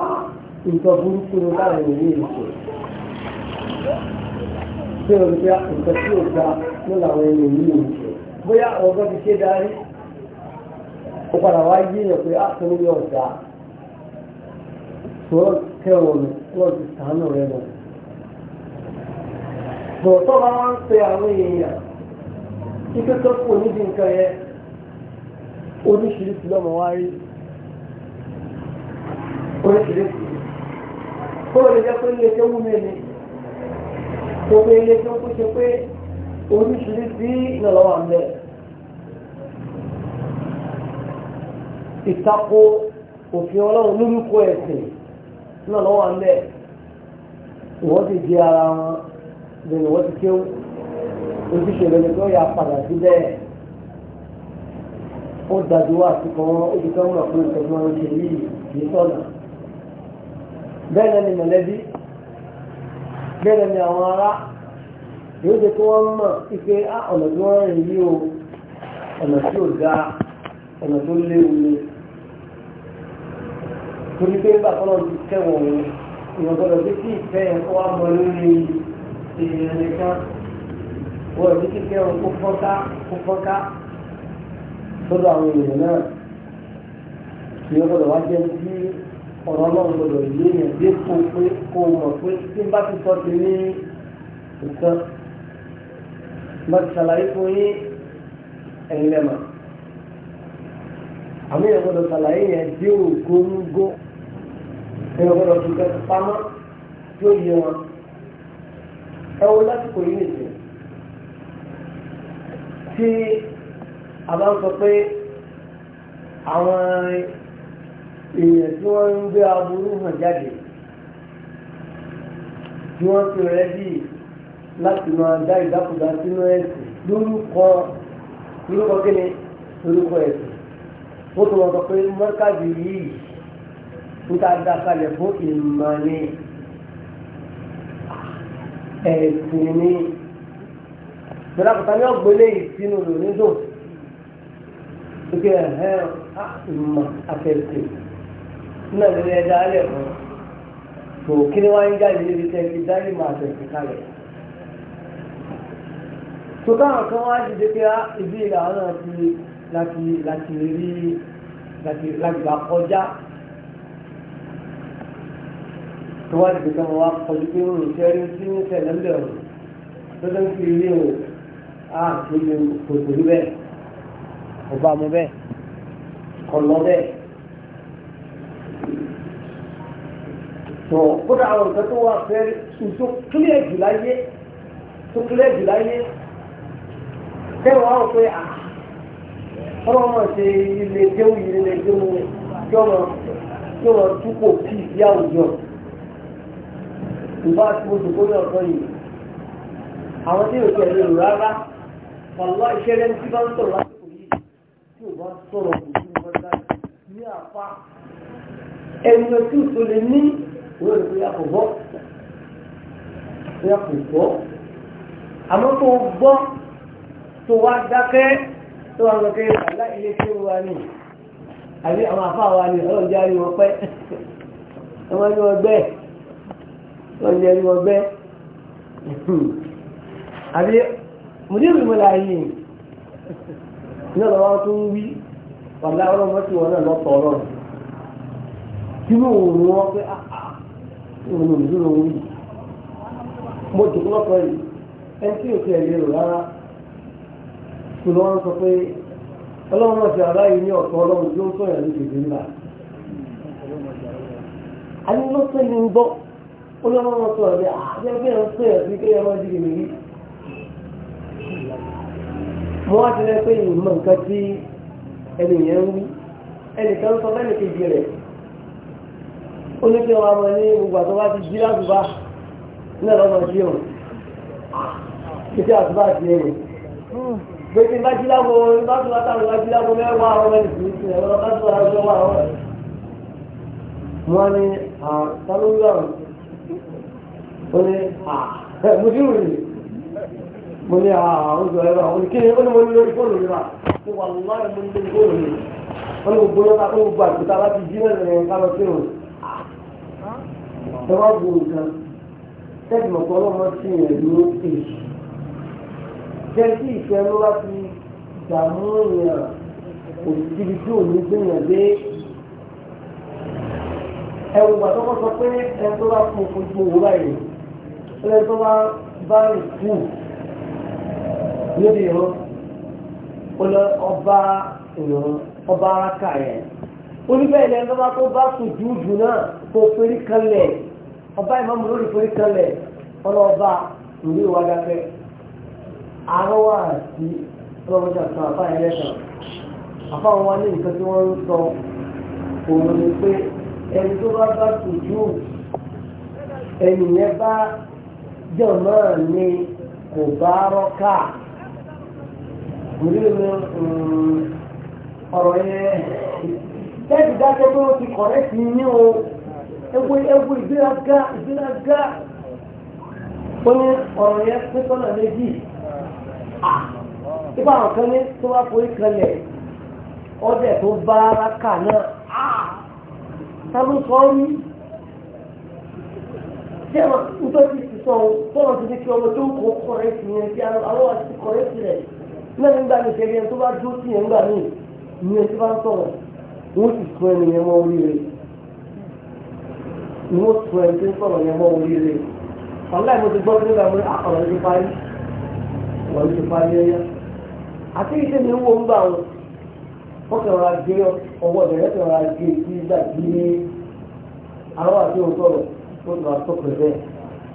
nǹkan burúkú ni láàrin ìwé ìṣe ṣé o rí pé nǹkan tí ò ga ní làwọn ẹni yìí ń ṣe bóyá ọgbọ́n ti ṣe darí ó padà wá yí èèyàn pé á tó ní ọ̀dà wọ́n kẹ́ wọn wọ́n ti sàánù rẹ̀ lọ. Bọ̀tọ́ bá wá ń pe àwọn èèyàn kí kẹ́kọ̀ọ́ kò níbi nǹkan yẹn oríṣiríṣi lọ́mọ wá rí oríṣiríṣi. Kó o lè jẹ́ pé ilé ẹjọ́ wú mẹ́ni. Kó o pé ilé ẹjọ́ kó ṣe pé oríṣiríṣi lọ́lọ́wọ́ àmì ìtakò òfin ọlọ́run lórúkọ ẹ̀sìn náà lọ́wọ́ ń bẹ̀ wọ́n ti di ara wọn bẹ̀rẹ̀ wọ́n ti kéwù ojúṣe rẹ̀ ni pé ó yà padà sí bẹ́ẹ̀ ó dájú wá sí kan wọn ó ti kẹ́ wọn pé nǹkan tí wọ́n ń ṣe yìí kì í bẹ́ẹ̀ náà ni mọ̀lẹ́bí bẹ́ẹ̀ náà ni àwọn ará yóò jẹ́ kí wọ́n mọ̀ pé ah, ọ̀nà tí wọ́n rìn yìí o ọ̀nà tí ò dáa ọ̀nà tó léwu ni torí pé nígbà tó lọ́ọ́ ti kẹ́wọ̀n òun ìwọ̀n gbọ́dọ̀ pé kí ìfẹ́ yẹn kó wá mọ lórí èèyàn nìkan wọ́n ti kí kẹ́wọ̀n kó fọ́nká kó fọ́nká sọ́dọ̀ àwọn èèyàn náà ìwọ̀n gbọ́dọ̀ wá jẹ́ sí ọ̀rọ̀ ọlọ́run gbọ́dọ̀ yé yẹn dé kó pé kó mọ̀ pé tí bá ti sọ ti ní nǹkan bá ti ṣàlàyé fún yín ẹ̀yin lẹ́mọ̀ àmì ìwọ̀n gbọ́dọ̀ ṣàlàyé yẹn dé ògóńgó ẹ̀rọ gbọ́dọ̀ fi bẹ́ẹ̀ pamọ́ tí ó yẹ wọn ẹ wo lásìkò yìí nìyẹn tí a bá ń sọ pé àwọn èèyàn tí wọ́n ń gbé aburú hàn jáde tí wọ́n ti rẹ́ bí láti máa dá ìdákùdá sínú ẹ̀sìn lórúkọ lórúkọ kíni lórúkọ ẹ̀sìn ó tó wọn sọ pé mọ́kàdì yìí ń ta da kalẹ̀ fún ìmọ̀ ni ẹ̀sìn ni ìjọba kọta ní ọgbẹ́lẹ́ ìsinú lò ní dùn ó kẹ́ ẹ̀hẹ́ ìmọ̀ àtẹ̀sìn náà lórí ẹ̀dá alẹ́ fún tó kí ni wọ́n ń jáde níbi tẹ́lẹ̀ ìdá ìmọ̀ àtẹ̀sìn kalẹ̀ tó táwọn kan wá dìde pé ibi ìlànà ti láti rí láti gbà kọjá tó wá dìbò kan wá kọjú pé ń ṣe rí sí ń tẹ̀lé ńlẹ̀ ọ̀run tó tó ń fi ilé o á kí ni kò tóbi bẹ́ẹ̀ kò bá mu bẹ́ẹ̀ kò lọ bẹ́ẹ̀. tó kódà àwọn nǹkan tó wà fẹ́ tó kílẹ̀ jù láyé tó kílẹ̀ ìbá tí mo sùn kórè ọ̀tọ̀ yìí àwọn tí yóò tẹ̀lé rò rárá pàlọ́ iṣẹ́ rẹ̀ tí bá ń sọ̀rọ̀ lásìkò yìí tí ò bá sọ̀rọ̀ kò sí wọn dá ní àpá ẹnu ẹtú tó lè ní òun ẹ̀ bóyá kò bọ́ bóyá kò bọ́ àmọ́ tó gbọ́ tó wá dákẹ́ tó wá lọ kéré àlá ilé tí ó wà ní àbí àwọn àfáà wà ní ọlọ́ọ̀dẹ́ àríwọ̀ ẹ wọ́n ní ẹni ọgbẹ́ àbí mùdírù mọ́lá yìí ní ọ̀rọ̀ wọn tó ń wí wàlá ọlọ́mọ tí wọn náà lọ́tọ̀ ọ̀rọ̀ tí ah, ah, mo wò ní wọn pé ìwọ̀n mùdírù wọn yìí mo dùn lọ́kọ̀ yìí ẹni tí òkè ẹ̀lẹ́ rò rárá kò lọ́wọ́ sọ pé ọlọ́run náà ti aláyé ní ọ̀tọ̀ ọlọ́run tí ó ń ní kékeré náà. a lọ́sẹ̀ ní ń gbọ́ olówó wọn sọ ọdẹ àjẹ bí wọn pè é sí kéèyàn wọn dìde nìyí. mo wá ti lẹ pé ìmọ̀ nǹkan tí ẹni ń wí ẹnìkan sọ fẹ́ni kejì rẹ̀ ó ní kí wọn mọ ní gbogbo àtọ́ ti jí lásùbà náà lọ́mọ sí òun títí àtúbà sí ẹ̀rọ gbèsè bá jí lágbo bá tó bá táwọn bá jí lágbo mẹ́wàá àwọn ẹni tó ti ẹ̀rọ bá tó bá tó wà àwọn. mo wá ní àtàlóyún ah, àrùn ó mo ní àwọn ìjọ ẹ̀rọ àwọn ìkíni ó mo ní lórí fóònù yìí wà wà lọ́wọ́ mo ní lórí fóònù yìí wọ́n ní gbogbo lọ́ta fún gbogbo àgbẹ̀ta láti jí náà lẹ́yìn ká lọ sí òun ẹ wá wo tẹ́tì mọ̀kọ́ ọlọ́mọ sí ìrìn ló jẹ́ kí ìfẹ́ ló wá fi dààmú èèyàn òsibí tí ò ní gbìyàn dé ẹ̀rù gbàdọ́kọ̀ sọ pé ẹ ẹni tó bá bá rìn kú níbi ìrún ó lọ ọba ìrún ọba araka yẹn oníbẹ̀ ilẹ̀ ẹni tó bá tó bá sùn júùjù náà kó forí kanlẹ̀ ọba ìmọ̀mù lórí forí kanlẹ̀ ọlọ́ọba ìwé wa dákẹ́ àrọ́wà àti ọlọ́mọdé àti àbá ẹlẹ́sàn àbá wọn ní nǹkan tí wọ́n ń sọ òun ni pé ẹni tó bá bá sùn júù ẹni yẹn bá jọ̀mọ́ ni kò bá rọ́kà orí mi mm, ọrụ yẹn tẹ́tì dákẹ́ tó ti kọ̀rẹ́tì ní o ewu ewu ìgbéraga ìgbéraga ó ní ọ̀rọ̀ yẹn pín sọ́nà méjì ipa àwọn kan ní tó wá forí kanlẹ̀ ọdẹ tó náà sábà sọ ọ́ sọ tọ́lọ̀ ti di kí ọmọ tó ń kọ́ kọ́rẹ́tì ti bá ń sọ̀rọ̀ wọ́n ti sọ ẹni yẹn mọ́ oríire ni wọ́n sọ ẹni ti ti ti mi wọ́n ń gbà wọn wọ́n kàn ra gé ọwọ́ ìbẹ̀rẹ̀ kàn ra gé sí ìgbà gbé àwọn àti òǹtọ̀rọ̀ wọ́n ti máa tọkọ̀ bẹ́ẹ̀.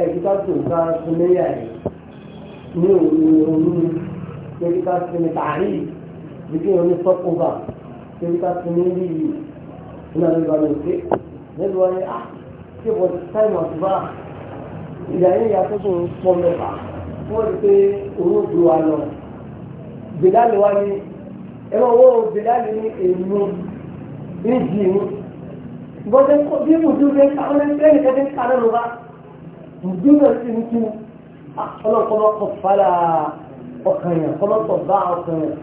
ẹ̀ríkà tó ká súnmẹ́yà rẹ̀ ní òru ẹ̀ríkà súnmẹ́ tààrí ìdíkẹ́ wọn ní sọ́kùnfà ẹ̀ríkà súnmẹ́ rí i nínú àwọn ìbámu ìpè nílùú wọn ni à ṣé wọ́n ti táìmù àtúbà ìyá yẹn yàtọ̀ tó ń pọ̀ mẹ́fà wọ́n ti pé òun ò dúró wa lọ gbèdálì wa ni ẹ máa wọ́n gbèdálì ní èlò ní jì ní bọ́dé bí mo dúró bẹ́ẹ̀ ká ọ́n lẹ́yìn kẹ́kẹ́ ká lọ́nà wa ìdúró sí ní kí ọlọ́pọ̀lọpọ̀ fara ọkàn yẹn ọlọ́pọ̀ bá ọkàn yẹn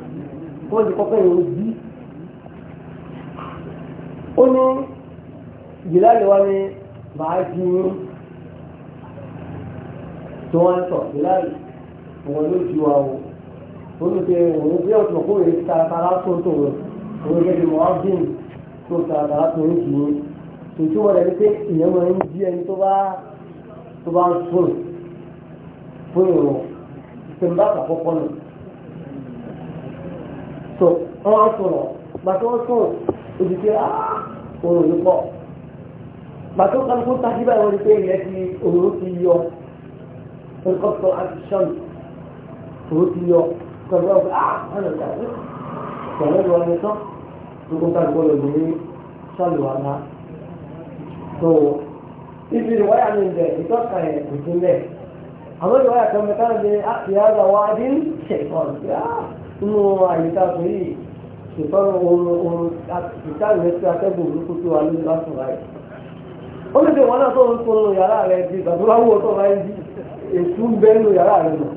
kó wọ́n ti kọ́kọ́ yẹn ó bí. ó ní ìjìláàlì wa ni màá di yín tí wọ́n ń sọ ìjìláàlì wọn ló ju wa o olùkẹ́ òun bí ọ̀tún kó rèé taratara tó tó o òun gẹ́gẹ́ mọ́ ọ́dún tó taratara tó ń jù yín tòtí wọn rẹ̀ ní pé ìyẹn máa ń jí ẹni tó bá tó bá ń sùn fún ìrùn ìpínlẹ̀ àkọ́kọ́ nù. tó wọ́n á sọ̀rọ̀ gbàtí wọ́n sùn ojú pé ah, òòrùn ló pọ̀ gbàtí wọ́n kálukú tají báyìí wọ́n rí pé ilẹ̀ ti òòrùn ti yọ helicopter action òòrùn ti yọ pẹ̀lú ọ̀gá àwọn ah, ọ̀gá pẹ̀lú ọ̀gá ẹni tán gbogbo kálukú lè ní sálùwàlá tó ibi ìwáyà mi bẹ̀ ìtọ́ka ẹ̀ kò tún bẹ̀ àwọn ìwáyà kan bẹ káwọn bẹ àkìyàgà ah, wá dé ṣẹ̀kọ́n nínú ah, àyíká kò yìí ṣètọ́nù oorun oorun ìta ìwé tí atẹ́gùn olùkú tó wà lórí lásán láì ó lè dé wọn náà tó ń tó nù yàrá rẹ bí ìgbàdúrà wò tó máa ń di ètú ń bẹ́ nù yàrá rẹ nù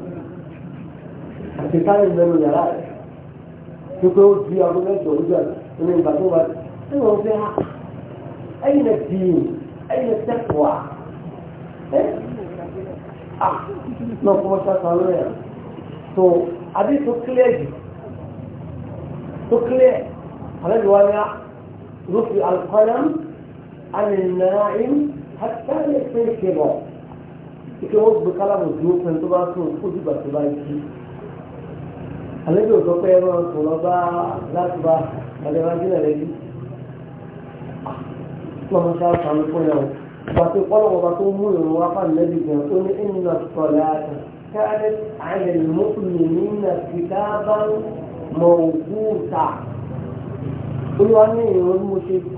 àti táyì ń bẹ́ nù yàrá rẹ tó pé ó di ojú àná ìgbà tó wà ní wọn fẹ́ ha ẹ̀yìn ẹ̀ dìín أين التقوى؟ إيه؟ آه ما كما شاء تو أبي تكلي تكلي على الواقع رفع القلم عن الناعم حتى يستيقظ ike wọ́n gbé kálámù dúró fún tó bá sùn fojú gbà tó bá jí àlejò sọ pé ẹ máa sùn bá láti bá àlejò ajínà rẹ lọ́mọ sáà sàmì fún yàwó bàtí kọ́lọ́wọ́ bá tó mú ìrún wá fún àlẹ́bí gan tó ní ìnà sọ̀lá káàdé àyẹ̀ mọ́kùnrin nínà fìdá bá ń mọ̀ òkúta. olúwa ní ìrún mo ṣe jí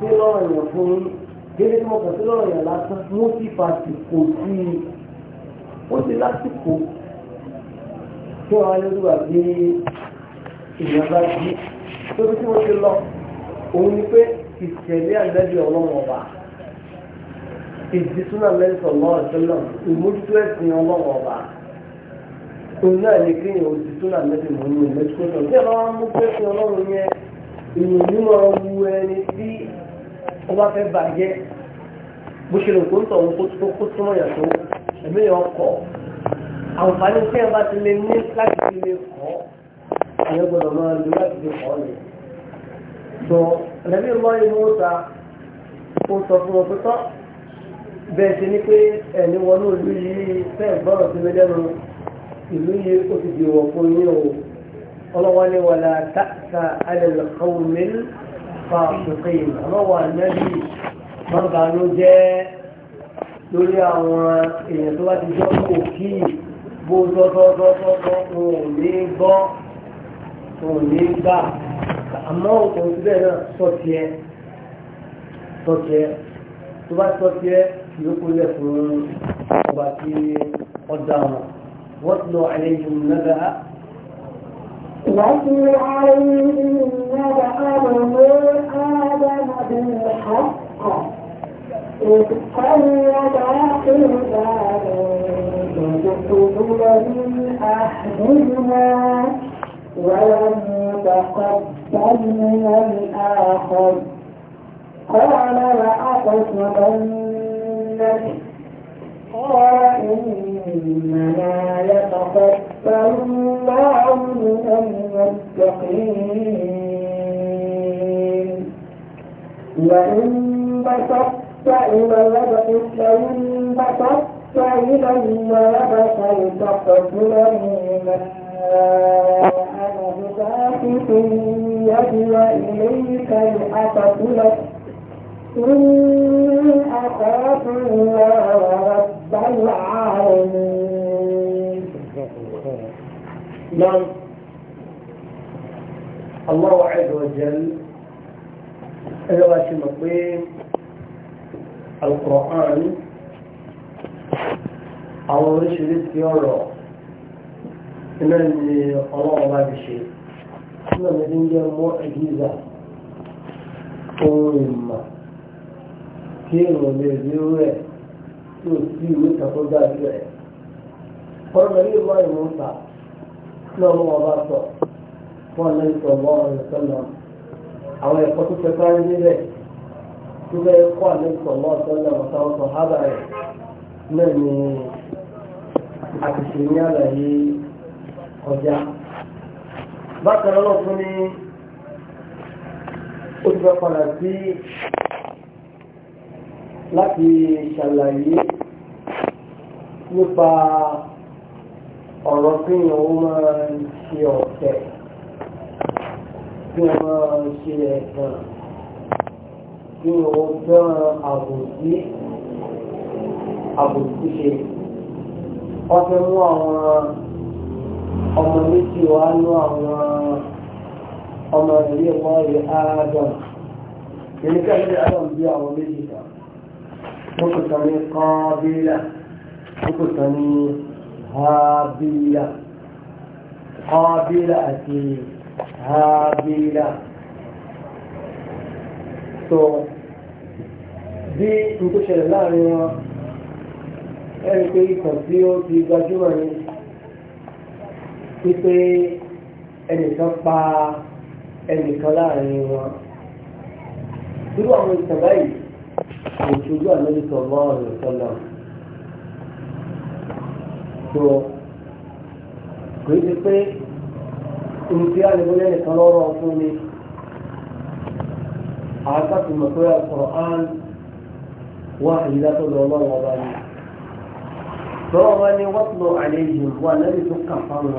tóbi tí mo ti lọ òun ni pé ìtẹ̀lé àgbẹ̀bí ọlọ́run ọba ìdísúná mẹ́sàn lọ́wọ́ ìtọ́lọ́ ìmójútó ẹ̀sìn ọlọ́run ọba òun náà ní kéèyàn òdìsúná mẹ́sàn mọ́ ní ìmọ̀jútó tí ẹ̀rọ wọn mú pẹ́sìn ọlọ́run yẹn ìyẹn ní wọn wu ẹni tí wọ́n bá fẹ́ bàjẹ́ bó ṣe lè kó ń tọ̀ wọn kó túmọ̀ yàn tó ẹ̀mí yàn kọ̀ àǹfààní tí ẹ̀ bá ti lè ní láti fi lè kọ́ ẹ̀yẹ́ gbọ́dọ̀ máa lò láti fi kọ́ nìyẹn tó nàbí ìmọ̀ ìmọ̀ òta ó sọ fún ọkọ tọ́ bẹ́ẹ̀ ṣe ni pé ẹni wọnú ìlú yìí fẹ́ẹ̀ gbọ́rọ̀ sí mi lẹ́nu ìlú yìí ó ti dìwọ̀ fún yín o ọlọ́wọ́ ni wà láà tàkà alẹ́ lọ́kọ̀ọ́ mi fa òkè ọlọ́wọ́ ànábì mọ́bàánú jẹ́ lórí àwọn èèyàn tó bá ti jọ́ òkì bó tọ́tọ́tọ́tọ́ òun ní gbọ́ òun ní gbà àmọ́ òtún ti bẹ́ẹ̀ náà sọ tiẹ̀ sọ tiẹ̀ tó bá sọ tiẹ̀ yòókù lẹ̀ fún ọba tí ọjà wọn wọ́n ti lọ àlejò náà واتل عليهم نبأ آدم بالحق إذ قرب قربانا فتقبل من أحدهما ولنتقبل من الآخر قال لأقتلنك قال إنما يتقبل الله من المتقين وإن بسطت إلي وإن بسطت إلي بسطت لمن أنا باسط يدي إليك لأقتلك إني أخاف الله رب العالمين نعم الله عز وجل الغاشم الطيب القرآن أو رشد في الله iná ni ọlọ́run bá fi ṣe nígbà tó ti ń jẹ́ mọ́ ẹ̀gíza ohun ìmọ̀ kí èrò lè rí rẹ̀ tí ò sí ìwé kan tó dájú rẹ̀. ọ̀rọ̀ mi ní ìmọ̀ ìmúta náà wọ́n bá sọ fún ọ̀nà ìtọ̀gbọ́ ọ̀rọ̀ sọ́nà kọjá bákan náà fún ní ó ti fẹ́ padà sí láti ṣàlàyé nípa ọ̀rọ̀ tí ìyàwó máa ń ṣe ọ̀tẹ̀ tí wọ́n máa ń ṣe ẹ̀gàn tí wọ́n dán àbòsí àbòsí ṣe ọ̀tẹ̀ mú àwọn ọmọ méjì wá ní àwọn ọmọ ìlú ẹ̀kọ́ rẹ̀ adam ìlú kẹ́lẹ́ adam bí àwọn méjì kan wọ́n kò tán ní kọ́bílà wọ́n kò tán ní hábílà kọ́bílà àti hábílà so bí n tó ṣẹlẹ̀ láàrin wọn ẹni pé ìtàn tí ó ti gbajúmọ̀ ní wípé ẹnìkan pa ẹnìkan láàrin wọn irú àwọn ìtàn báyìí kò ṣojú àlọ́lùkọ̀ mọ́ ọ̀rọ̀ sọ́nà tó kò ní ti pé nǹkan àlùmọ́lẹ́ nìkan lọ́rọ̀ fún mi àákàtúmọ̀ pé ọ̀rọ̀ án wá ìyílá tó lọ ọlọ́run ọba yìí tọ́wọ́ wọn ni wọ́n lọ àlejò wà lẹ́bi tó kà fáwọn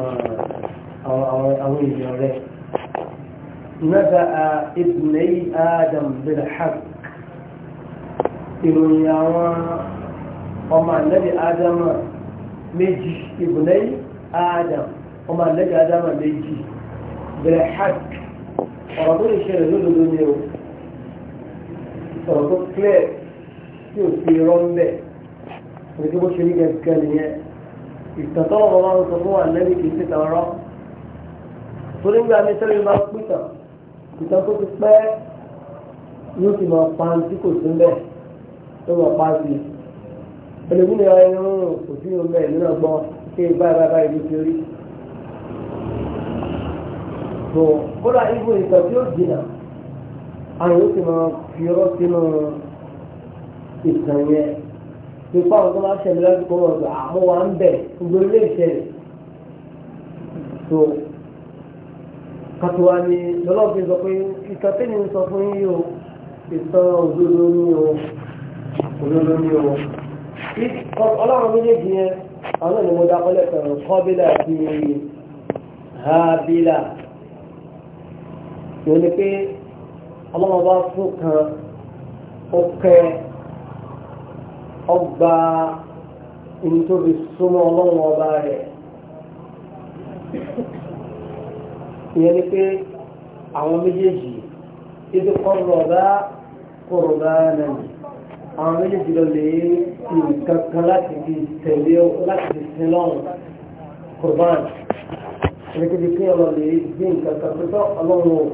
àwọn èèyàn rẹ̀ nígbà ibùnẹ́ adam bil haqq ìròyìn àwọn ọmọ àlẹ́bi adam méjì ibùnẹ́ adam ọmọ àlẹ́bi adam ọ̀rọ̀ tó lè ṣẹlẹ̀ lódodo ni o ọ̀rọ̀ tó clear tí ò fi rọ́ ń gẹ́gẹ́ bó ṣe rí gẹ́gẹ́ nìyẹn ìtàtọ́lọ̀ bàbá ń sọ fún wa lẹ́bi kì í ṣe tàn rọ́ torí nígbà mi sẹ́lẹ̀ máa pín tàn ìtàn tó ti pẹ́ yóò ti máa pa ní tí kò sí mbẹ́ tó máa pa sí i ẹlẹ́bí ni ara ẹni rún kò sí omi ẹ̀ nínú ọgbọ́n ṣé báyìí báyìí ló ti rí pé fáwọn tó bá ṣẹlẹ̀ lọ́dún kan wọ́n gbà àmọ́ wa ń bẹ̀ gbogbo ilé ìṣẹ̀lẹ̀ tó kàtúwa ni lọ́lọ́ọ̀bí sọ pé ìtàn tí mi ń sọ fún yín o ìtàn òdodo ní o òdodo ní o ọlọ́run méjèèjì yẹn àwọn ni mo dákọ́lẹ̀ pẹ̀lú kọ́bílà àti hábílà ìwọ ni pé ọlọ́run bá fún kan ó kẹ́ ẹ́ ọgbà nítorí súnmọ́ ọlọ́run ọba rẹ̀ ìyẹn ni pé àwọn méjèèjì ètò kọlọ̀dá kọlọ̀dá náà àwọn méjèèjì lọ lè fi nǹkan kan láti fi tẹ̀lé láti fi sin lọ́run kurban ẹnikẹ́ni pé ọlọ́ lè gbé nǹkan kan ọlọ́run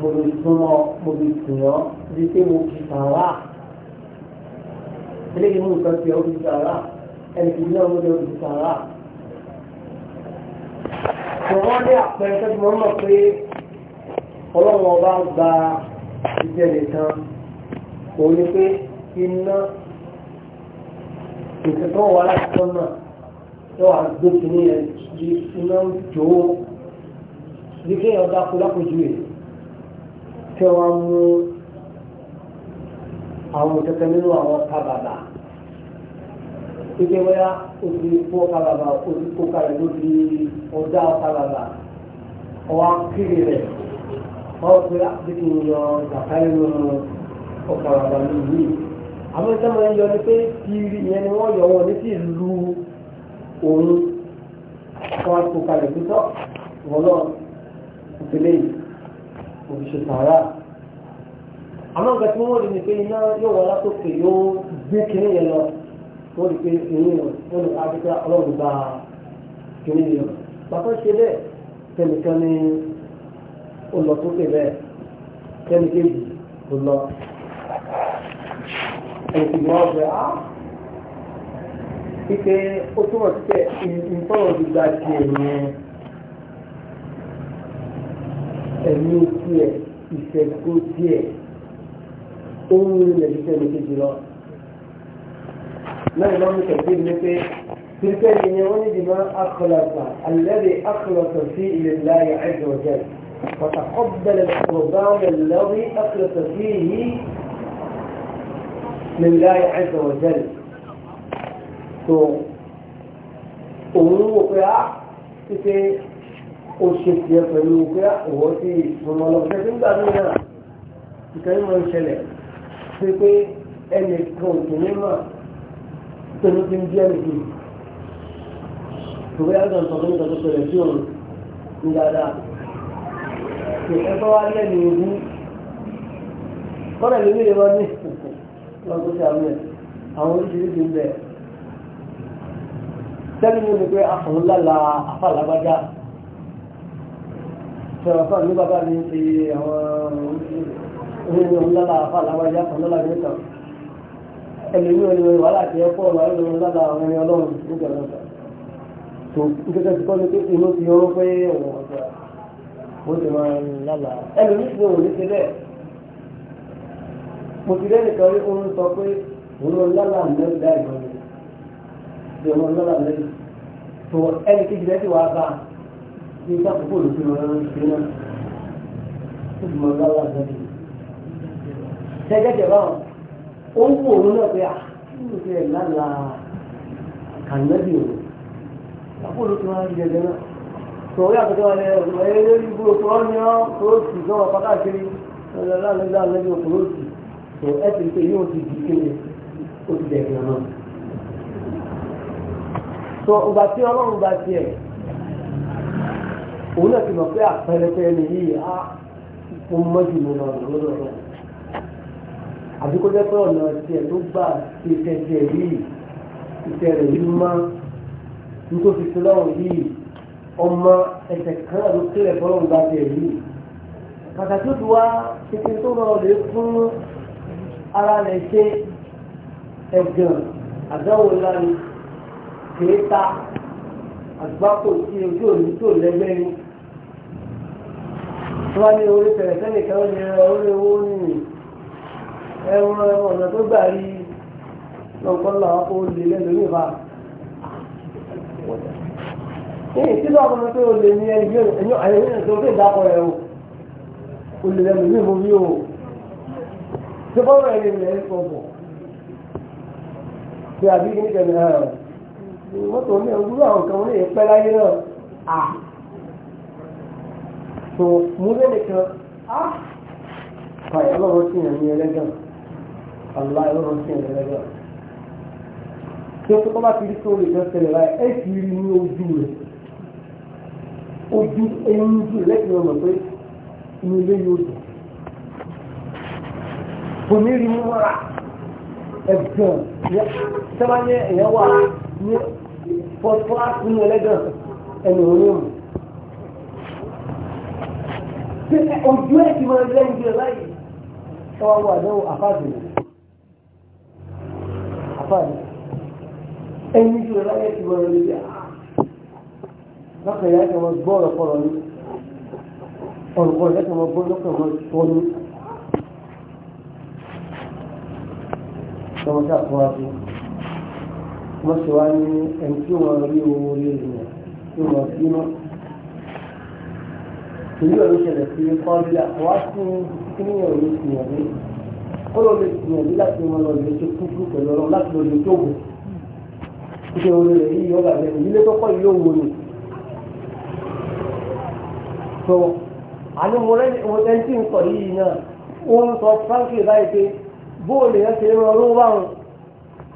mo lè súnmọ́ mo lè sùn yọ́ bí pé mo kì sàrà eléyìí mú nǹkan ti ọdún sàrà ẹnìkì náà mú ọdún sàrà. Ìwọ́n ní àpẹẹrẹ tó ti mọ́ mọ̀ pé ọlọ́run ọba gba ìjẹ nìkan òun ni pé iná nǹkan tó wà láti tọ́ náà tó wà gbókè ní ẹ̀ iná ń jó ní kéèyàn dákú lápòjú rẹ̀ kí wọ́n mú àwọn kẹkẹ nínú àwọn kábàbà kíkẹ́ wẹ́yà oṣù kó kábàbà oṣù kó kalẹ̀ lórí ọjà kábàbà ọwọ́ kiri rẹ̀ wọ́n pe àbíkí yọ zaka nínú ọ̀kábàbà lórí àwọn ìjọba yẹn yọ ni pé kiri yẹn ni wọ́n yọ wọn ní ti lu òun wọ́n kó kalẹ̀ tó tọ́ wọ́n lọ òkèlè òṣèṣàrà àmọ́ nǹkan tí wọ́n rí ni pé iná yóò wọlá tó pè yóò gbé kiri yẹn lọ wọ́n rí pé èyí rẹ̀ wọ́n lè ká kíkẹ́ ọlọ́run bá kiri yẹn lọ. bàbá ṣe bẹ́ẹ̀ tẹnìkan ni ó lọ sókè bẹ́ẹ̀ tẹnìkejì kò lọ. èsì ni wọ́n fẹ́ á ah! kíkẹ́ ó túmọ̀ sí pé ìtọ́wọ̀ ti gba ti ẹ̀mí ẹ̀mí tiẹ̀ ìṣẹ̀kó tiẹ̀. tó ń wúlò lè ṣiṣẹ́ ní kejì lọ. náà ìmọ̀ mi kẹ̀kẹ́ ní pé tìrìkẹ́ ni ni wọ́n ní ìdìbò akọlọ̀tà alẹ́rì akọlọ̀tà sí ilẹ̀ láyé àjọ jẹ́ وتقبل القربان الذي أخلص فيه لله عز وجل tó òun wò pé á títí ó ṣe tiẹ̀ pẹ̀lú pé òwò tí ìfúnmọ́ lọ́wọ́ ṣe tí ń gbà mí náà ìkànnì mọ́ ń ṣẹlẹ̀ ṣe pé ẹnì kan ò tún ní mà tó ní ti ń bí ẹnì kì í tòwé àgbà nǹkan tó ní ìtọ́jú pẹ̀lẹ́ sí òun ní dáadáa tó ẹ bá wá lẹ́nu ìwú kọ́nà ìlú ìlú wọn ní lọ́dún sí àmì àwọn oríṣiríṣi ń bẹ̀ sẹ́ni mi ni pé àfọ̀n lála afálágbájá sọ̀rọ̀ fún àmì bàbá mi ti àwọn oríṣiríṣi olóyún ọ̀nlọ́lá afá làwọn ìyá kan lọ́la ní kan ẹlòmíì ọ̀nà ìwà láti ẹ̀kọ́ ọ̀nà ọ̀nà ọ̀nlọ́lá ọ̀rẹ́ ọlọ́run nígbà náà tó nígbà tí kọ́ ni pé inú ti yọrọ pé ọ̀wọ̀n ọ̀sẹ̀ mo ti máa ń lálà ẹlòmíì ti wò ní ṣe bẹ́ẹ̀ mo ti rẹ́nì kan rí oorun sọ pé òun lọ lálà mẹ́rin dá ìgbọ̀n mi bí ọmọ lálà tẹ́gẹ́tẹ̀ báwọn ó ń wò wọn náà pé àkókò ah, tẹ̀ lánàá kànáàbì òun àkókò tó wá rí ẹgbẹ́ náà tó yà tó wà lẹ́yìn ọ̀rọ̀ ẹ̀yẹ lórí ibú òkú ọ́ ní ọ́ kúrò sí tó wà pátá kiri ọ̀rọ̀ lánàá lẹ́yìn òkúrò sí tó ẹ̀ ti pé yóò ti di kéde ó ti dẹ̀gbẹ̀ náà. tó ìgbà tí ọlọ́run bá tiẹ̀ òun náà ti mọ̀ pé àpẹẹrẹ pẹ́ẹ́ni yìí á ah, fún mọ́jú mi lọ lọ́dọ̀ náà àbí kó jẹ́ pé ọ̀nà tiẹ̀ tó gbà sí iṣẹ́ tiẹ̀ yìí iṣẹ́ rẹ̀ yìí mọ́ ní tó fi sílọ́run yìí ọmọ ẹsẹ̀ kan ló kílẹ̀ fọlọ́run bá tiẹ̀ yìí pàtàkì ó ti wá títí tó rọrùn lè fún ara rẹ̀ ṣe ẹ̀gàn àdáwò lánàá kèéta àgbákò tí ojú òní tó lẹ́gbẹ́ ni wọ́n ní orí pẹ̀lẹ́sẹ́ nìkan ó ní orí owó nìyí ẹ̀wọ̀n ọ̀nà tó gbà rí lọ́kọ́ làwọn lè lẹ́nu ní ìbá. ní ìtìlú àwọn ọmọ tó lè ní ẹni bí àyẹ̀wò ní ìṣòro ìdákọ̀ rẹ̀ o kò lè lẹ́nu ní ìbomi o tó bọ́ rẹ̀ lè lẹ́ sọ̀bọ̀ tí a kí ní kẹ̀mí ẹ̀ mọ́tò ní ẹ̀wúrọ̀ àwọn kan ní ìpẹ́ láyé náà à tó mú lẹ́nìkan á pàyà lọ́wọ́ sí ẹ̀mí ẹlẹ́gàn àlá ìrọ̀rùn sí ẹ̀rẹ́ lẹ́gbẹ̀ẹ́ tí ó tó bá ti rí tó lè jọ tẹ̀lé báyìí ẹ̀ kì í rí ní ojú rẹ̀ ojú ẹyin ojú rẹ̀ lẹ́kìn ọmọ pé inú ilé yóò dùn kò ní rí múra ẹ̀gbọ́n sábà ní ẹ̀yẹ́ wà ní fọ́tíwá nínú ẹlẹ́gàn ẹnu òun ojú ẹ̀ ti máa lẹ́yìn bí ẹ báyìí ẹ wá wọ àdéhùn àfáàdùn àǹfààní ẹni tí ó láyé ti wọ́n lórí lọ́kàn ìyá ìjọba gbọ́ ọ̀rọ̀ pọ̀rọ̀ ní ọ̀rọ̀pọ̀ ìyá ìjọba gbọ́ lọ́kàn wọn sọ ní ọmọdé àfọwájú wọ́n ṣe wá ní ẹni tí wọ́n rí owó orí ènìyàn tí wọ́n bí mọ́ èyí ọ̀rọ̀ ṣẹlẹ̀ sí kọ́ńdílà wá sí kíníyàn orí ìyàn lẹ́yìn kọ́lọ́ lè gbìyànjú láti wọn lọ lè ṣe kúkú pẹ̀lú ọlọ́run láti lọ lè tó wò ṣe orin rẹ̀ yíyọ ọ̀gá rẹ̀ ìdílé tọ́kọ́ yìí yóò wò ni. sọ àní mo rẹ́ mo tẹ́ tí ń sọ yìí náà ó ń sọ fáńkì báyìí pé bóòlù yẹn ṣe ń rọ ọdún báwọn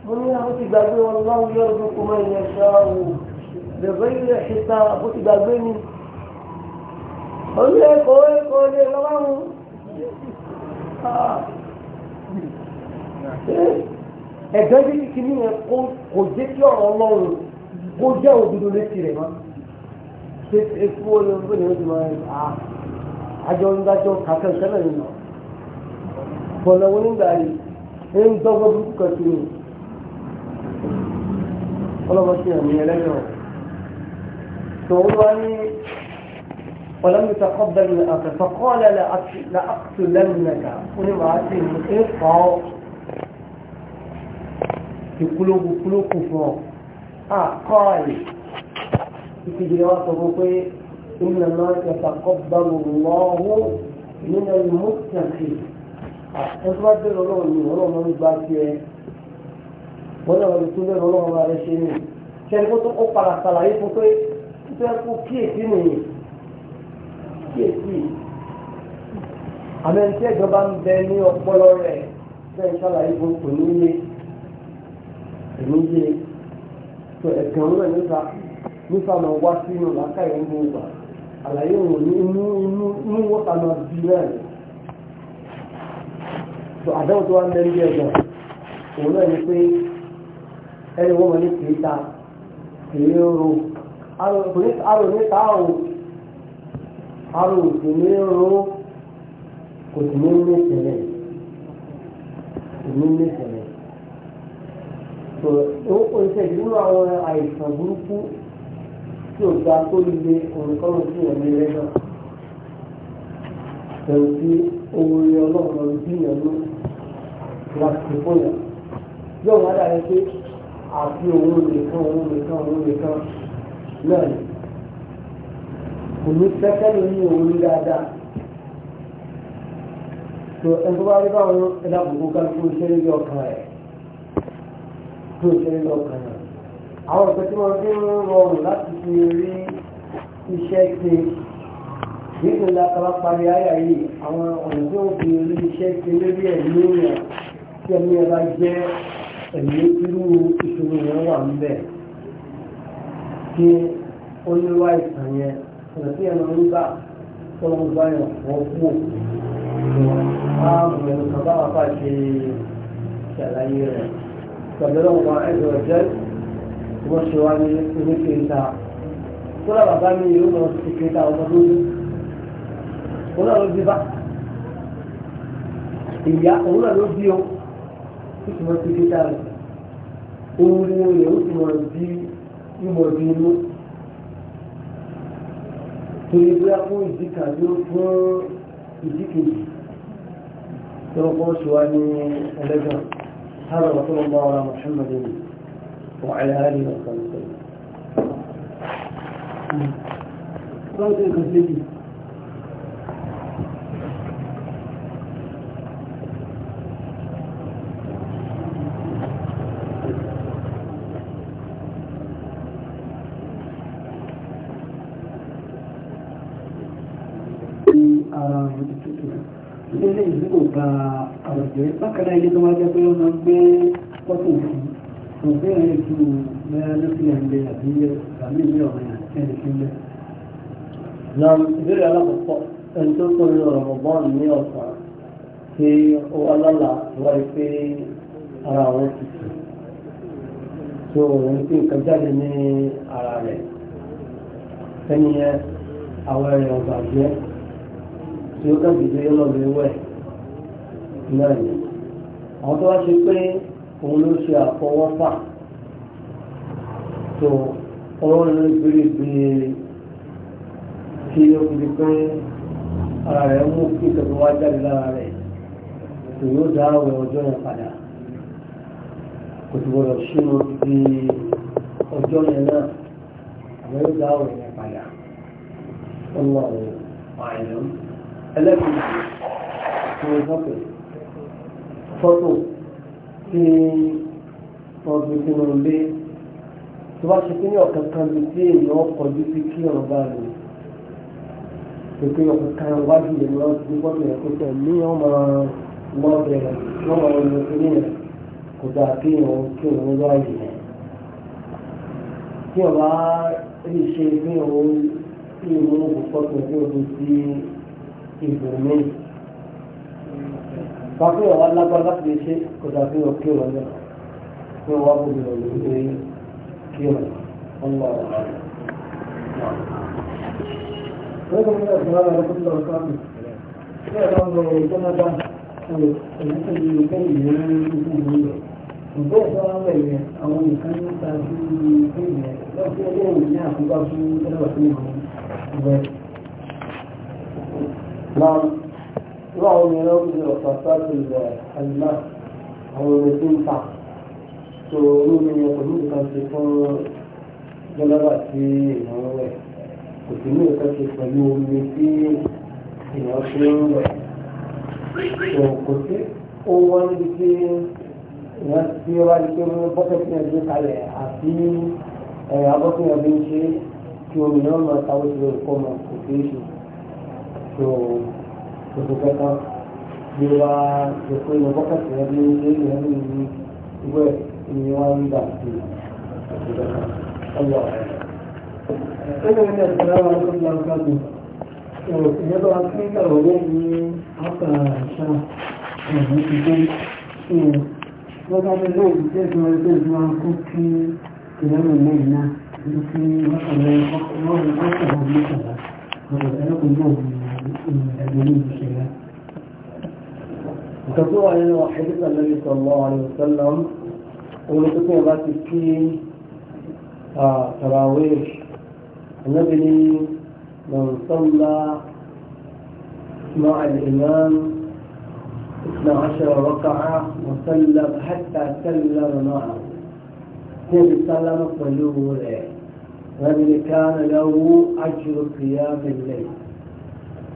mo ní àwọn ti gbàgbé wọn láwọn yọrọ tó kó máa yẹn ṣáà wò bẹ̀rẹ̀ ilẹ̀ ṣẹta bó ti gbàgbé ni. olú ẹ̀kọ́ ẹ̀kọ́ lè lọ́wọ́ ẹ̀gbẹ́ bí kìíní yẹn kò jẹ́ kí ọ̀rọ̀ ọlọ́run kó jẹ́ òdodo létí rẹ̀ mọ́ ṣe epo olóńgbò ni ó ti máa ń a àjọ ńdájọ kàkẹ́ ìṣẹ́lẹ̀ nínú bọ̀lá wọn nígbà yìí ń dọ́gbọ́n burúkú kan sí mi ọlọ́mọ sí àmì ẹlẹ́yìn ọ̀ tòun wá ní. ولم يتقبل الآخر فقال لأقتلنك ونبعث المطيقة يقلوب قلوب كفر آه قال في جواب الرقي إنما يتقبل الله من المتقين أتبدل الله من الله من باكيه ولا من تنير الله ما رشيني كان يقول تقول قرأت عليه فقال تقول كيف ينهي kíyèsí àmì ẹni tí ìjọba ń bẹ ní ọpọlọ rẹ̀ bẹ́ẹ̀ ṣàlàyé fún pẹ̀lú yé pẹ̀lú yé tó ẹ̀gàn rẹ̀ nípa nípa máa wá sínú làákàyè ń bọ̀ wà àlàyé wọn ní inú inú inú wọn kà máa bí náà ni tó àdáwò tó wá ń bẹ ní ẹ̀gàn òun náà ni pé ẹni wọ́n mọ̀ kìí ta kìí ro àrò ní ta o ara òsì ní rún kò sì ní ní ìṣẹ̀lẹ̀ kò ní ní ìṣẹ̀lẹ̀ tó ó ṣe ìdúró àwọn àìsàn burúkú tí ò ga tó le òǹkọ́rùn sí ẹ̀mí rẹ̀ náà pẹ̀lú tí owó rí ọlọ́run lọ bí ìyẹnú láti fi fún yà yóò wá dára pé àti òun nìkan òun nìkan òun nìkan náà kò ní fẹ́fẹ́ ló ní òun ní dáadáa tó ẹni tó bá rí báwọn ẹ̀dá gbogbo kálukú iṣẹ́ lórí ọkàn rẹ̀ tó iṣẹ́ lórí ọkàn rẹ̀ àwọn ìpẹ́ tí wọ́n fi ń rọrùn láti fi rí iṣẹ́ ṣe nígbà tí a bá parí ayà yìí àwọn ọ̀nà tí wọ́n fi rí iṣẹ́ ṣe lórí ẹ̀mí èèyàn tí ẹ̀mí ẹ̀ bá jẹ́ ẹ̀mí irú ìṣòro yẹn wà ń bẹ̀ kí ó níwá ìtàn yẹn ọ̀nà tí ẹ̀rọ ń gbà tọ́lọ́ ń gbà yàn wọ́n kú ò ààbò ẹ̀rọ bá wà bá ṣe ṣàlàyé rẹ̀ pẹ̀lú ọ̀pọ̀ ẹ̀rọ jẹ́ wọ́n ṣe wá ní oníkèéta kódà bàbá mi yóò lọ sí kééta ọmọ tó ní kódà ló bí bá ìyá òun náà ló bí o ó sì mọ sí kééta rẹ̀ òun ni ó yẹ ó sì mọ bí mímọ bí inú. torí bóyá fún ìdí tàbí ó fún ìdí kejì tó kọ́ ṣe wá ní ẹlẹ́gàn هذا رسول الله على محمد وعلى آله وصحبه وسلم. jẹ́ bákanáà ilé tó máa jẹ́ pé ó máa ń gbé pọ́tò fún kò gbé ẹ̀rẹ́ ju mẹ́ra lókìlẹ̀ ń lé àbí àmì ìwé ọ̀rẹ́ ẹ̀rẹ́ fi lẹ̀. na ìbéèrè alákọ̀ọ́kọ́ ẹni tó tó ní ọ̀rọ̀ bọ́ọ̀n ní ọ̀sán tí ó wá lọ́la wáyé pé ara àwọn ti tù tó òun tí nǹkan jáde ní ara rẹ̀ ẹni yẹn àwọn ẹ̀rẹ̀ ọ̀gbà jẹ́ tí ó kàn náà ni àwọn tó wá ṣe pé òun ló ṣe àfọwọ́fà tó ọlọ́run ló gbére gbére tí ó fi di pé ara rẹ̀ mú kí ìtọ́jú wá jáde lára rẹ̀ tó yóò dá àwẹ̀ ọjọ́ yẹn padà kò sì gbọdọ̀ ṣínú di ọjọ́ yẹn náà àmọ́ yóò dá àwẹ̀ yẹn padà ọlọ́run àìlú ẹlẹ́gbẹ̀ẹ́ tó ń sọ́kè fọ́tò tí wọ́n gbé sínú ilé tó bá ṣe pé ní ọ̀kan kan bí tí èèyàn kọjú sí kí ọ̀rọ̀ bá lò pé pé ọ̀kan kan wájú lè lọ sí gbọ́dọ̀ yẹn kó tẹ̀ ní ọmọ wọ́n bẹ̀rẹ̀ wọ́n máa ń lo ilé rẹ̀ kò dáa kí èèyàn kí èèyàn lọ àyè rẹ̀ tí ọba lè ṣe pé òun kí èèyàn ó fọ́tò ẹgbẹ́ òun sí ìbòmíì kàfé ọ̀wá lágbára láti lè ṣe kò dàbí òkè wọn náà pé wọ́n kò lè lò ó pé kí wọn ọlọ́ ọ̀rọ̀ Wọ́n kọ́ mọ́ ọ̀sán lára ẹ̀kọ́ lọ sáàmì. Ṣé ẹ̀rọ ń lọ Canada ọ̀rọ̀ ẹ̀yìn tó di ìgbẹ́ ìlú ìlú ìlú ìlú. Ǹjẹ́ ẹ̀sọ́ wọn lọ ìyẹn àwọn nìkan ní ta sí ìgbẹ́ ìyẹn lọ́sí ẹgbẹ́ ìlú ní àkókò fún Canada fún ìlú ìgbẹ́ irú àwọn obìnrin náà fi ọ̀sán sọ́ọ̀tì ilẹ̀ ẹ̀mọ́ àwọn obìnrin tí ń ta tó olómi yẹn pẹ̀lú nǹkan ṣe fún jọlọ́bà tí ìnáwó rẹ̀ kò sí ní nǹkan ṣe pẹ̀lú omi tí ìnáwó ṣe ń rẹ̀ tó kò sí ó wọ́n níbi tí ìyá tí ó bá di pé bọ́kẹ́tì náà gbé kalẹ̀ àti ẹ̀yà bọ́kẹ́tì ń ṣe kí omi náà máa ta ó ti lè kò sí ìṣù tó oṣù kẹta bí wá ìpè ní wákàtí wọn bí ilé ìyẹn ní ìlú ìwé ìyẹn wá ń gbà sí oṣù kẹta ọlọ. Ẹgbẹ́ mi ní ẹ̀sìn náà wọ́n tún lọ gbàgbé. Ìyẹn tó wá sí ìgbàlọ́ yẹn ní àpà àṣà ẹ̀mí ti dé. Wọ́n bá mi lóògùn tí ẹ̀sìn wọn ṣe ìdúrà kú kí ìyẹn mi lè ná. Ibi tí wọ́n kàn lọ ọkọ̀ lọ́wọ́ ìgbàlọ́ mẹ́tàlá. Ọ̀rọ̀ ẹ̀rọ kò lóògùn nǹkan tó wà nínú àìdíkà lẹ́yìn sọ̀rọ̀ àlùsọ́lọ́m orí tó kún ọba ti kí tàràwé ànábì ní mọ̀nsọ́lá مع الإمام 12 ركعة وسلم حتى سلم معه كيف سلم قلوب العين كان له أجر قيام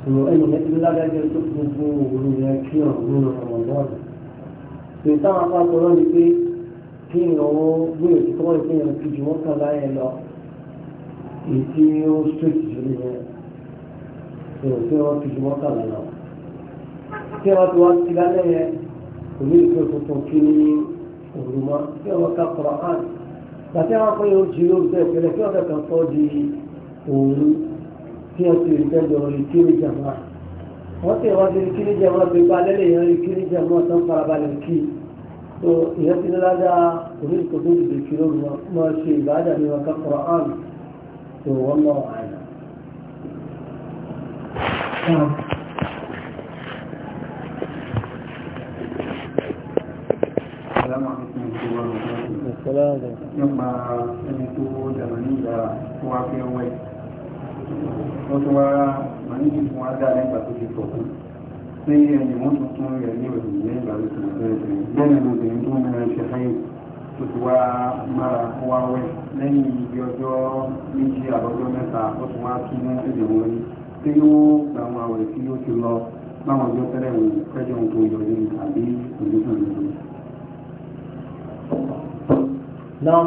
ẹni yẹn ti lágbájá tó gbogbo òun yẹn kí ọ̀run nínú ọ̀rọ̀mọ́ọ̀dù pé táwọn apákan náà ni pé kí ìnáwó gbìyànjú tó wọ́n ti yàn kí jù wọ́n kàn láyé lọ èyí tí ó ṣèkì jù nìyẹn èyí tí wọ́n kì jù wọ́n kàn lọ. tí wọ́n ti wá ti lálẹ́ yẹn kò ní ìfẹ́ tuntun kí ní òru mọ́ tí wọ́n ká kọ̀ọ̀ hàn gbàtí àwọn akọ́yẹ̀ ó jí lóòótọ́ ìpínlẹ̀ kí wọ́n fẹ́ kàn sọ́ kí wọ́n ti ìfẹ́ lọ rí kiri jama wọ́n ti wọ́n ti rí kiri jama bí ba lẹ́lẹ̀ yẹn rí kiri jama tán farabalẹ̀ kí tó ìyẹn ti lọ́dá oríṣi tó tó dìde kí lóru wọn kó máa ṣe ìbáàdà ní wọn kápọ̀ án tó wọ́n mọ̀ àyà. Assalamu alaikum warahmatullahi tó dàgbà nígbà wá fẹ́ wẹ̀ wọ́n tún wá ma ní kí fún ajá nígbà tó ti pọ̀ tán ṣé ẹni wọ́n tún tún rẹ̀ ní òdì lẹ́gbàá ló ti rẹ̀ lẹ́yìn obìnrin tó ń rẹ̀ ṣe fẹ́yìn tó ti wá mára kó wá wẹ̀ lẹ́yìn ibi ọjọ́ méjì àbọ̀jọ́ mẹ́ta ó tún wá kí ní èdè wọn ni tí yóò gba àwọn àwẹ̀ tí ó ti lọ báwọn ọjọ́ tẹ́lẹ̀ wò kẹ́jọ́ tó yọ ní àbí òdòdó Nam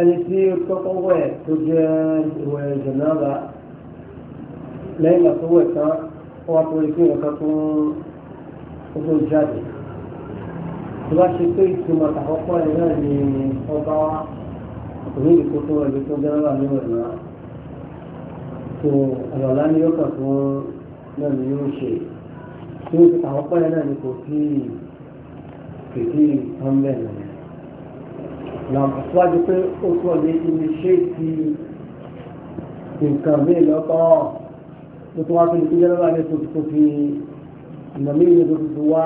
ẹni tí ó tọ́kọ́ wẹ̀ tó jẹ́ ìwẹ̀ ìjọba lẹ́yìn ìgbà tó wẹ̀ tán ó wá torí pé nǹkan tó ń tó jáde tó bá ṣe pé ìtumọ̀ àkọ́kọ́ ẹ̀ náà ni ọba wa kò ní ìdíkó tó wẹ̀ lé tó jẹ́nẹ́rà nínú ẹ̀ náà tó àlọ́lá ní yóò tó náà ni yóò ṣe tí ó ti àkọ́kọ́ ẹ̀ náà ni kò tí kò tí kan bẹ́ẹ̀ náà pé ó sọ ní ibi ti nǹkan mí lọ́tọ̀ọ́ tó tó wá tó ìpínlẹ̀ lọ́wọ́ àti tó tó fi ìmọ̀mí ìyẹn tó tó wá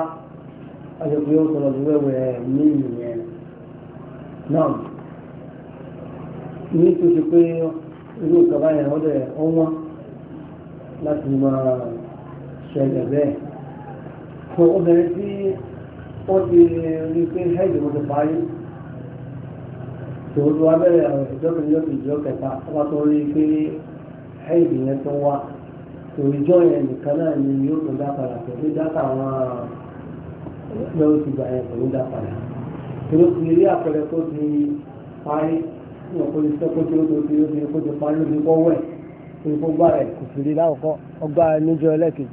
ọjọ́ pé ó sọ̀rọ̀ wẹ́wẹ́ mí ìyẹn náà ní tó ṣe pé irú ìkàbá yẹn wọ́n dẹ̀ ọ̀wọ́n láti máa ṣẹlẹ̀ bẹ́ẹ̀ kò obìnrin tí ó ti rí pé hẹ́ẹ̀dì mo ti parí tòun tó wá bẹ̀rẹ̀ ìjọba ìjọba ìjọba kẹta wọ́n tó rí pé hẹ́ẹ̀dì yẹn tó wá ìjọ yẹn nìkan náà ni yóò tún dá padà pẹ̀lú dáta àwọn lọ́wọ́ ti gbà yẹn pẹ̀lú dá padà pẹ̀lú ti rí àpẹẹrẹ tó ti parí wọn kò lè sọ pé kí ó tó ti ó ti kó ti parí lóbi kọ́ wẹ̀ kí ó gbà rẹ̀ kò sì rí láwùkọ́ ọgbà níjọ ẹlẹ́kejì.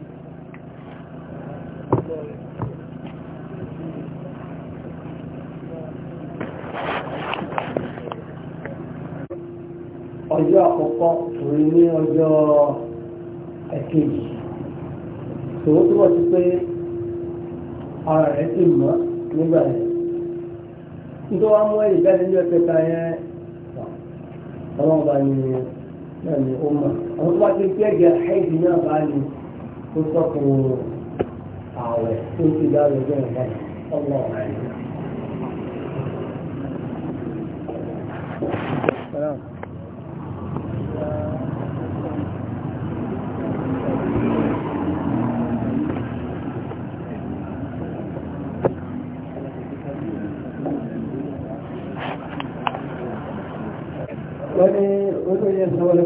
ọjọ́ àkọ́kọ́ òun ní ọjọ́ ẹ̀kejì tòwó tó wọ́n ti pé ara rẹ̀ ti mọ́ nígbà yẹn nítorí wọn mú ẹ̀yìn jáde ní ọ̀sẹ̀ ta yẹn ọlọ́run bá ní náà ní ó mọ̀ àwọn tó bá ti pé ẹ̀jẹ̀ ẹ̀jẹ̀ náà bá ní tó sọ́kùn ààwẹ̀ tó ti dá lọ́jọ́ ìgbà ọlọ́run àìsàn.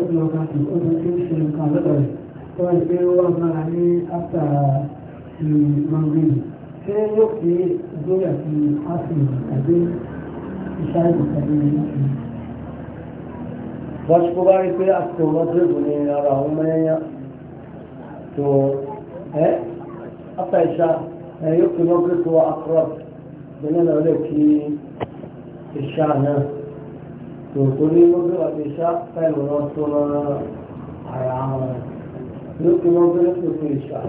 lọ́dún ọ̀gá tó ọdún tí ó ṣe nǹkan lọ́dọ̀ rẹ̀ tó wà pé ó wà mára ní áfà mangrove ṣé yóò pé lórí àti áfìn tàbí ìṣáájú tàbí ìṣe. wọ́n ṣe kó bá rí pé àsìkò mọ́tòrò ní ara àwọn mẹ́yà tó ẹ́ áfà ìṣá ẹ̀ yóò pé mọ́tòrò àkọ́rọ̀ bẹ́ẹ̀ náà lè kí ìṣá náà torí mọ́bílà ti ṣá pẹ̀lú wọn tó lọ́nà ara wọn ló fi mọ́bílà tó fi ṣá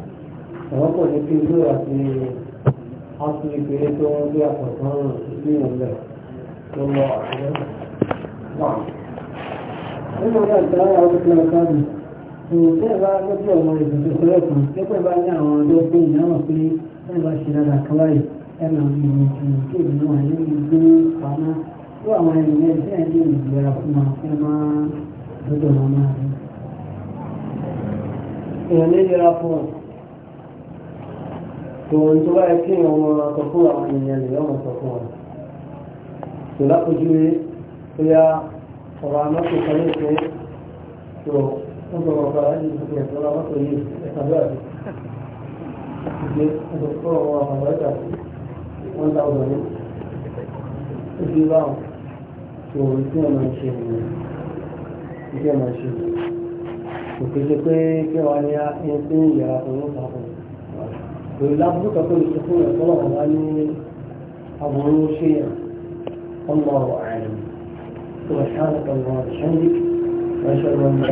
àwọn kò ní kí lóra ti ásìlì kéré tó wọ́n bí àkọ́kọ́ rùn sí ìrìnlẹ̀ tó lọ àwọn náà. nínú ìyá ìta ara ó ti lọ káàdì òṣèlú bá lójú ọmọ ìdìbò ìpínlẹ̀ kan pípẹ́ bá ní àwọn ọjọ́ pé ìyáwó pé ẹ̀ bá ṣe dáadáa kọ́láì ẹ̀ máa ń mú ìdìbò ìdìbò àwọn ẹ̀yẹ́ tó àwọn ènìyàn tí ẹ̀ ní ìgbéra fún wa ẹ máa lọ́dọ̀ wọn máa rí. èèyàn ní ìlera fún ọ tòun tó báyìí kí èèyàn wọn sọ fún àwọn ènìyàn lè yọ̀wọ̀n sọ fún ọ. tò lápòjú rí bóyá ọ̀rọ̀ amọ́tò kan ní ìpín tó wọ́n sọ wọn fara ní ìpínlẹ̀ tó tó yé ẹ̀ka bẹ́ẹ̀ ìgbé ẹ̀dọ̀ tó ọ̀rọ̀ àwọn ọ̀rọ̀ ẹ̀dà one thousand ní ìdí báwọn tó ohun tí wọ́n máa ń ṣe wọ̀nyí iṣẹ́ máa ṣe wọ̀nyí kò kí ṣe pé kí wọ́n ní ẹni tí ń yàrá fún yóò pàpọ̀ lórí lábúrú tó lè ṣe fún ẹ̀kọ́ náà wá ní àbúrú ṣe yàn ọmọ ọ̀rọ̀ àìrìn tó wà ṣáà lọ́kọ̀ọ́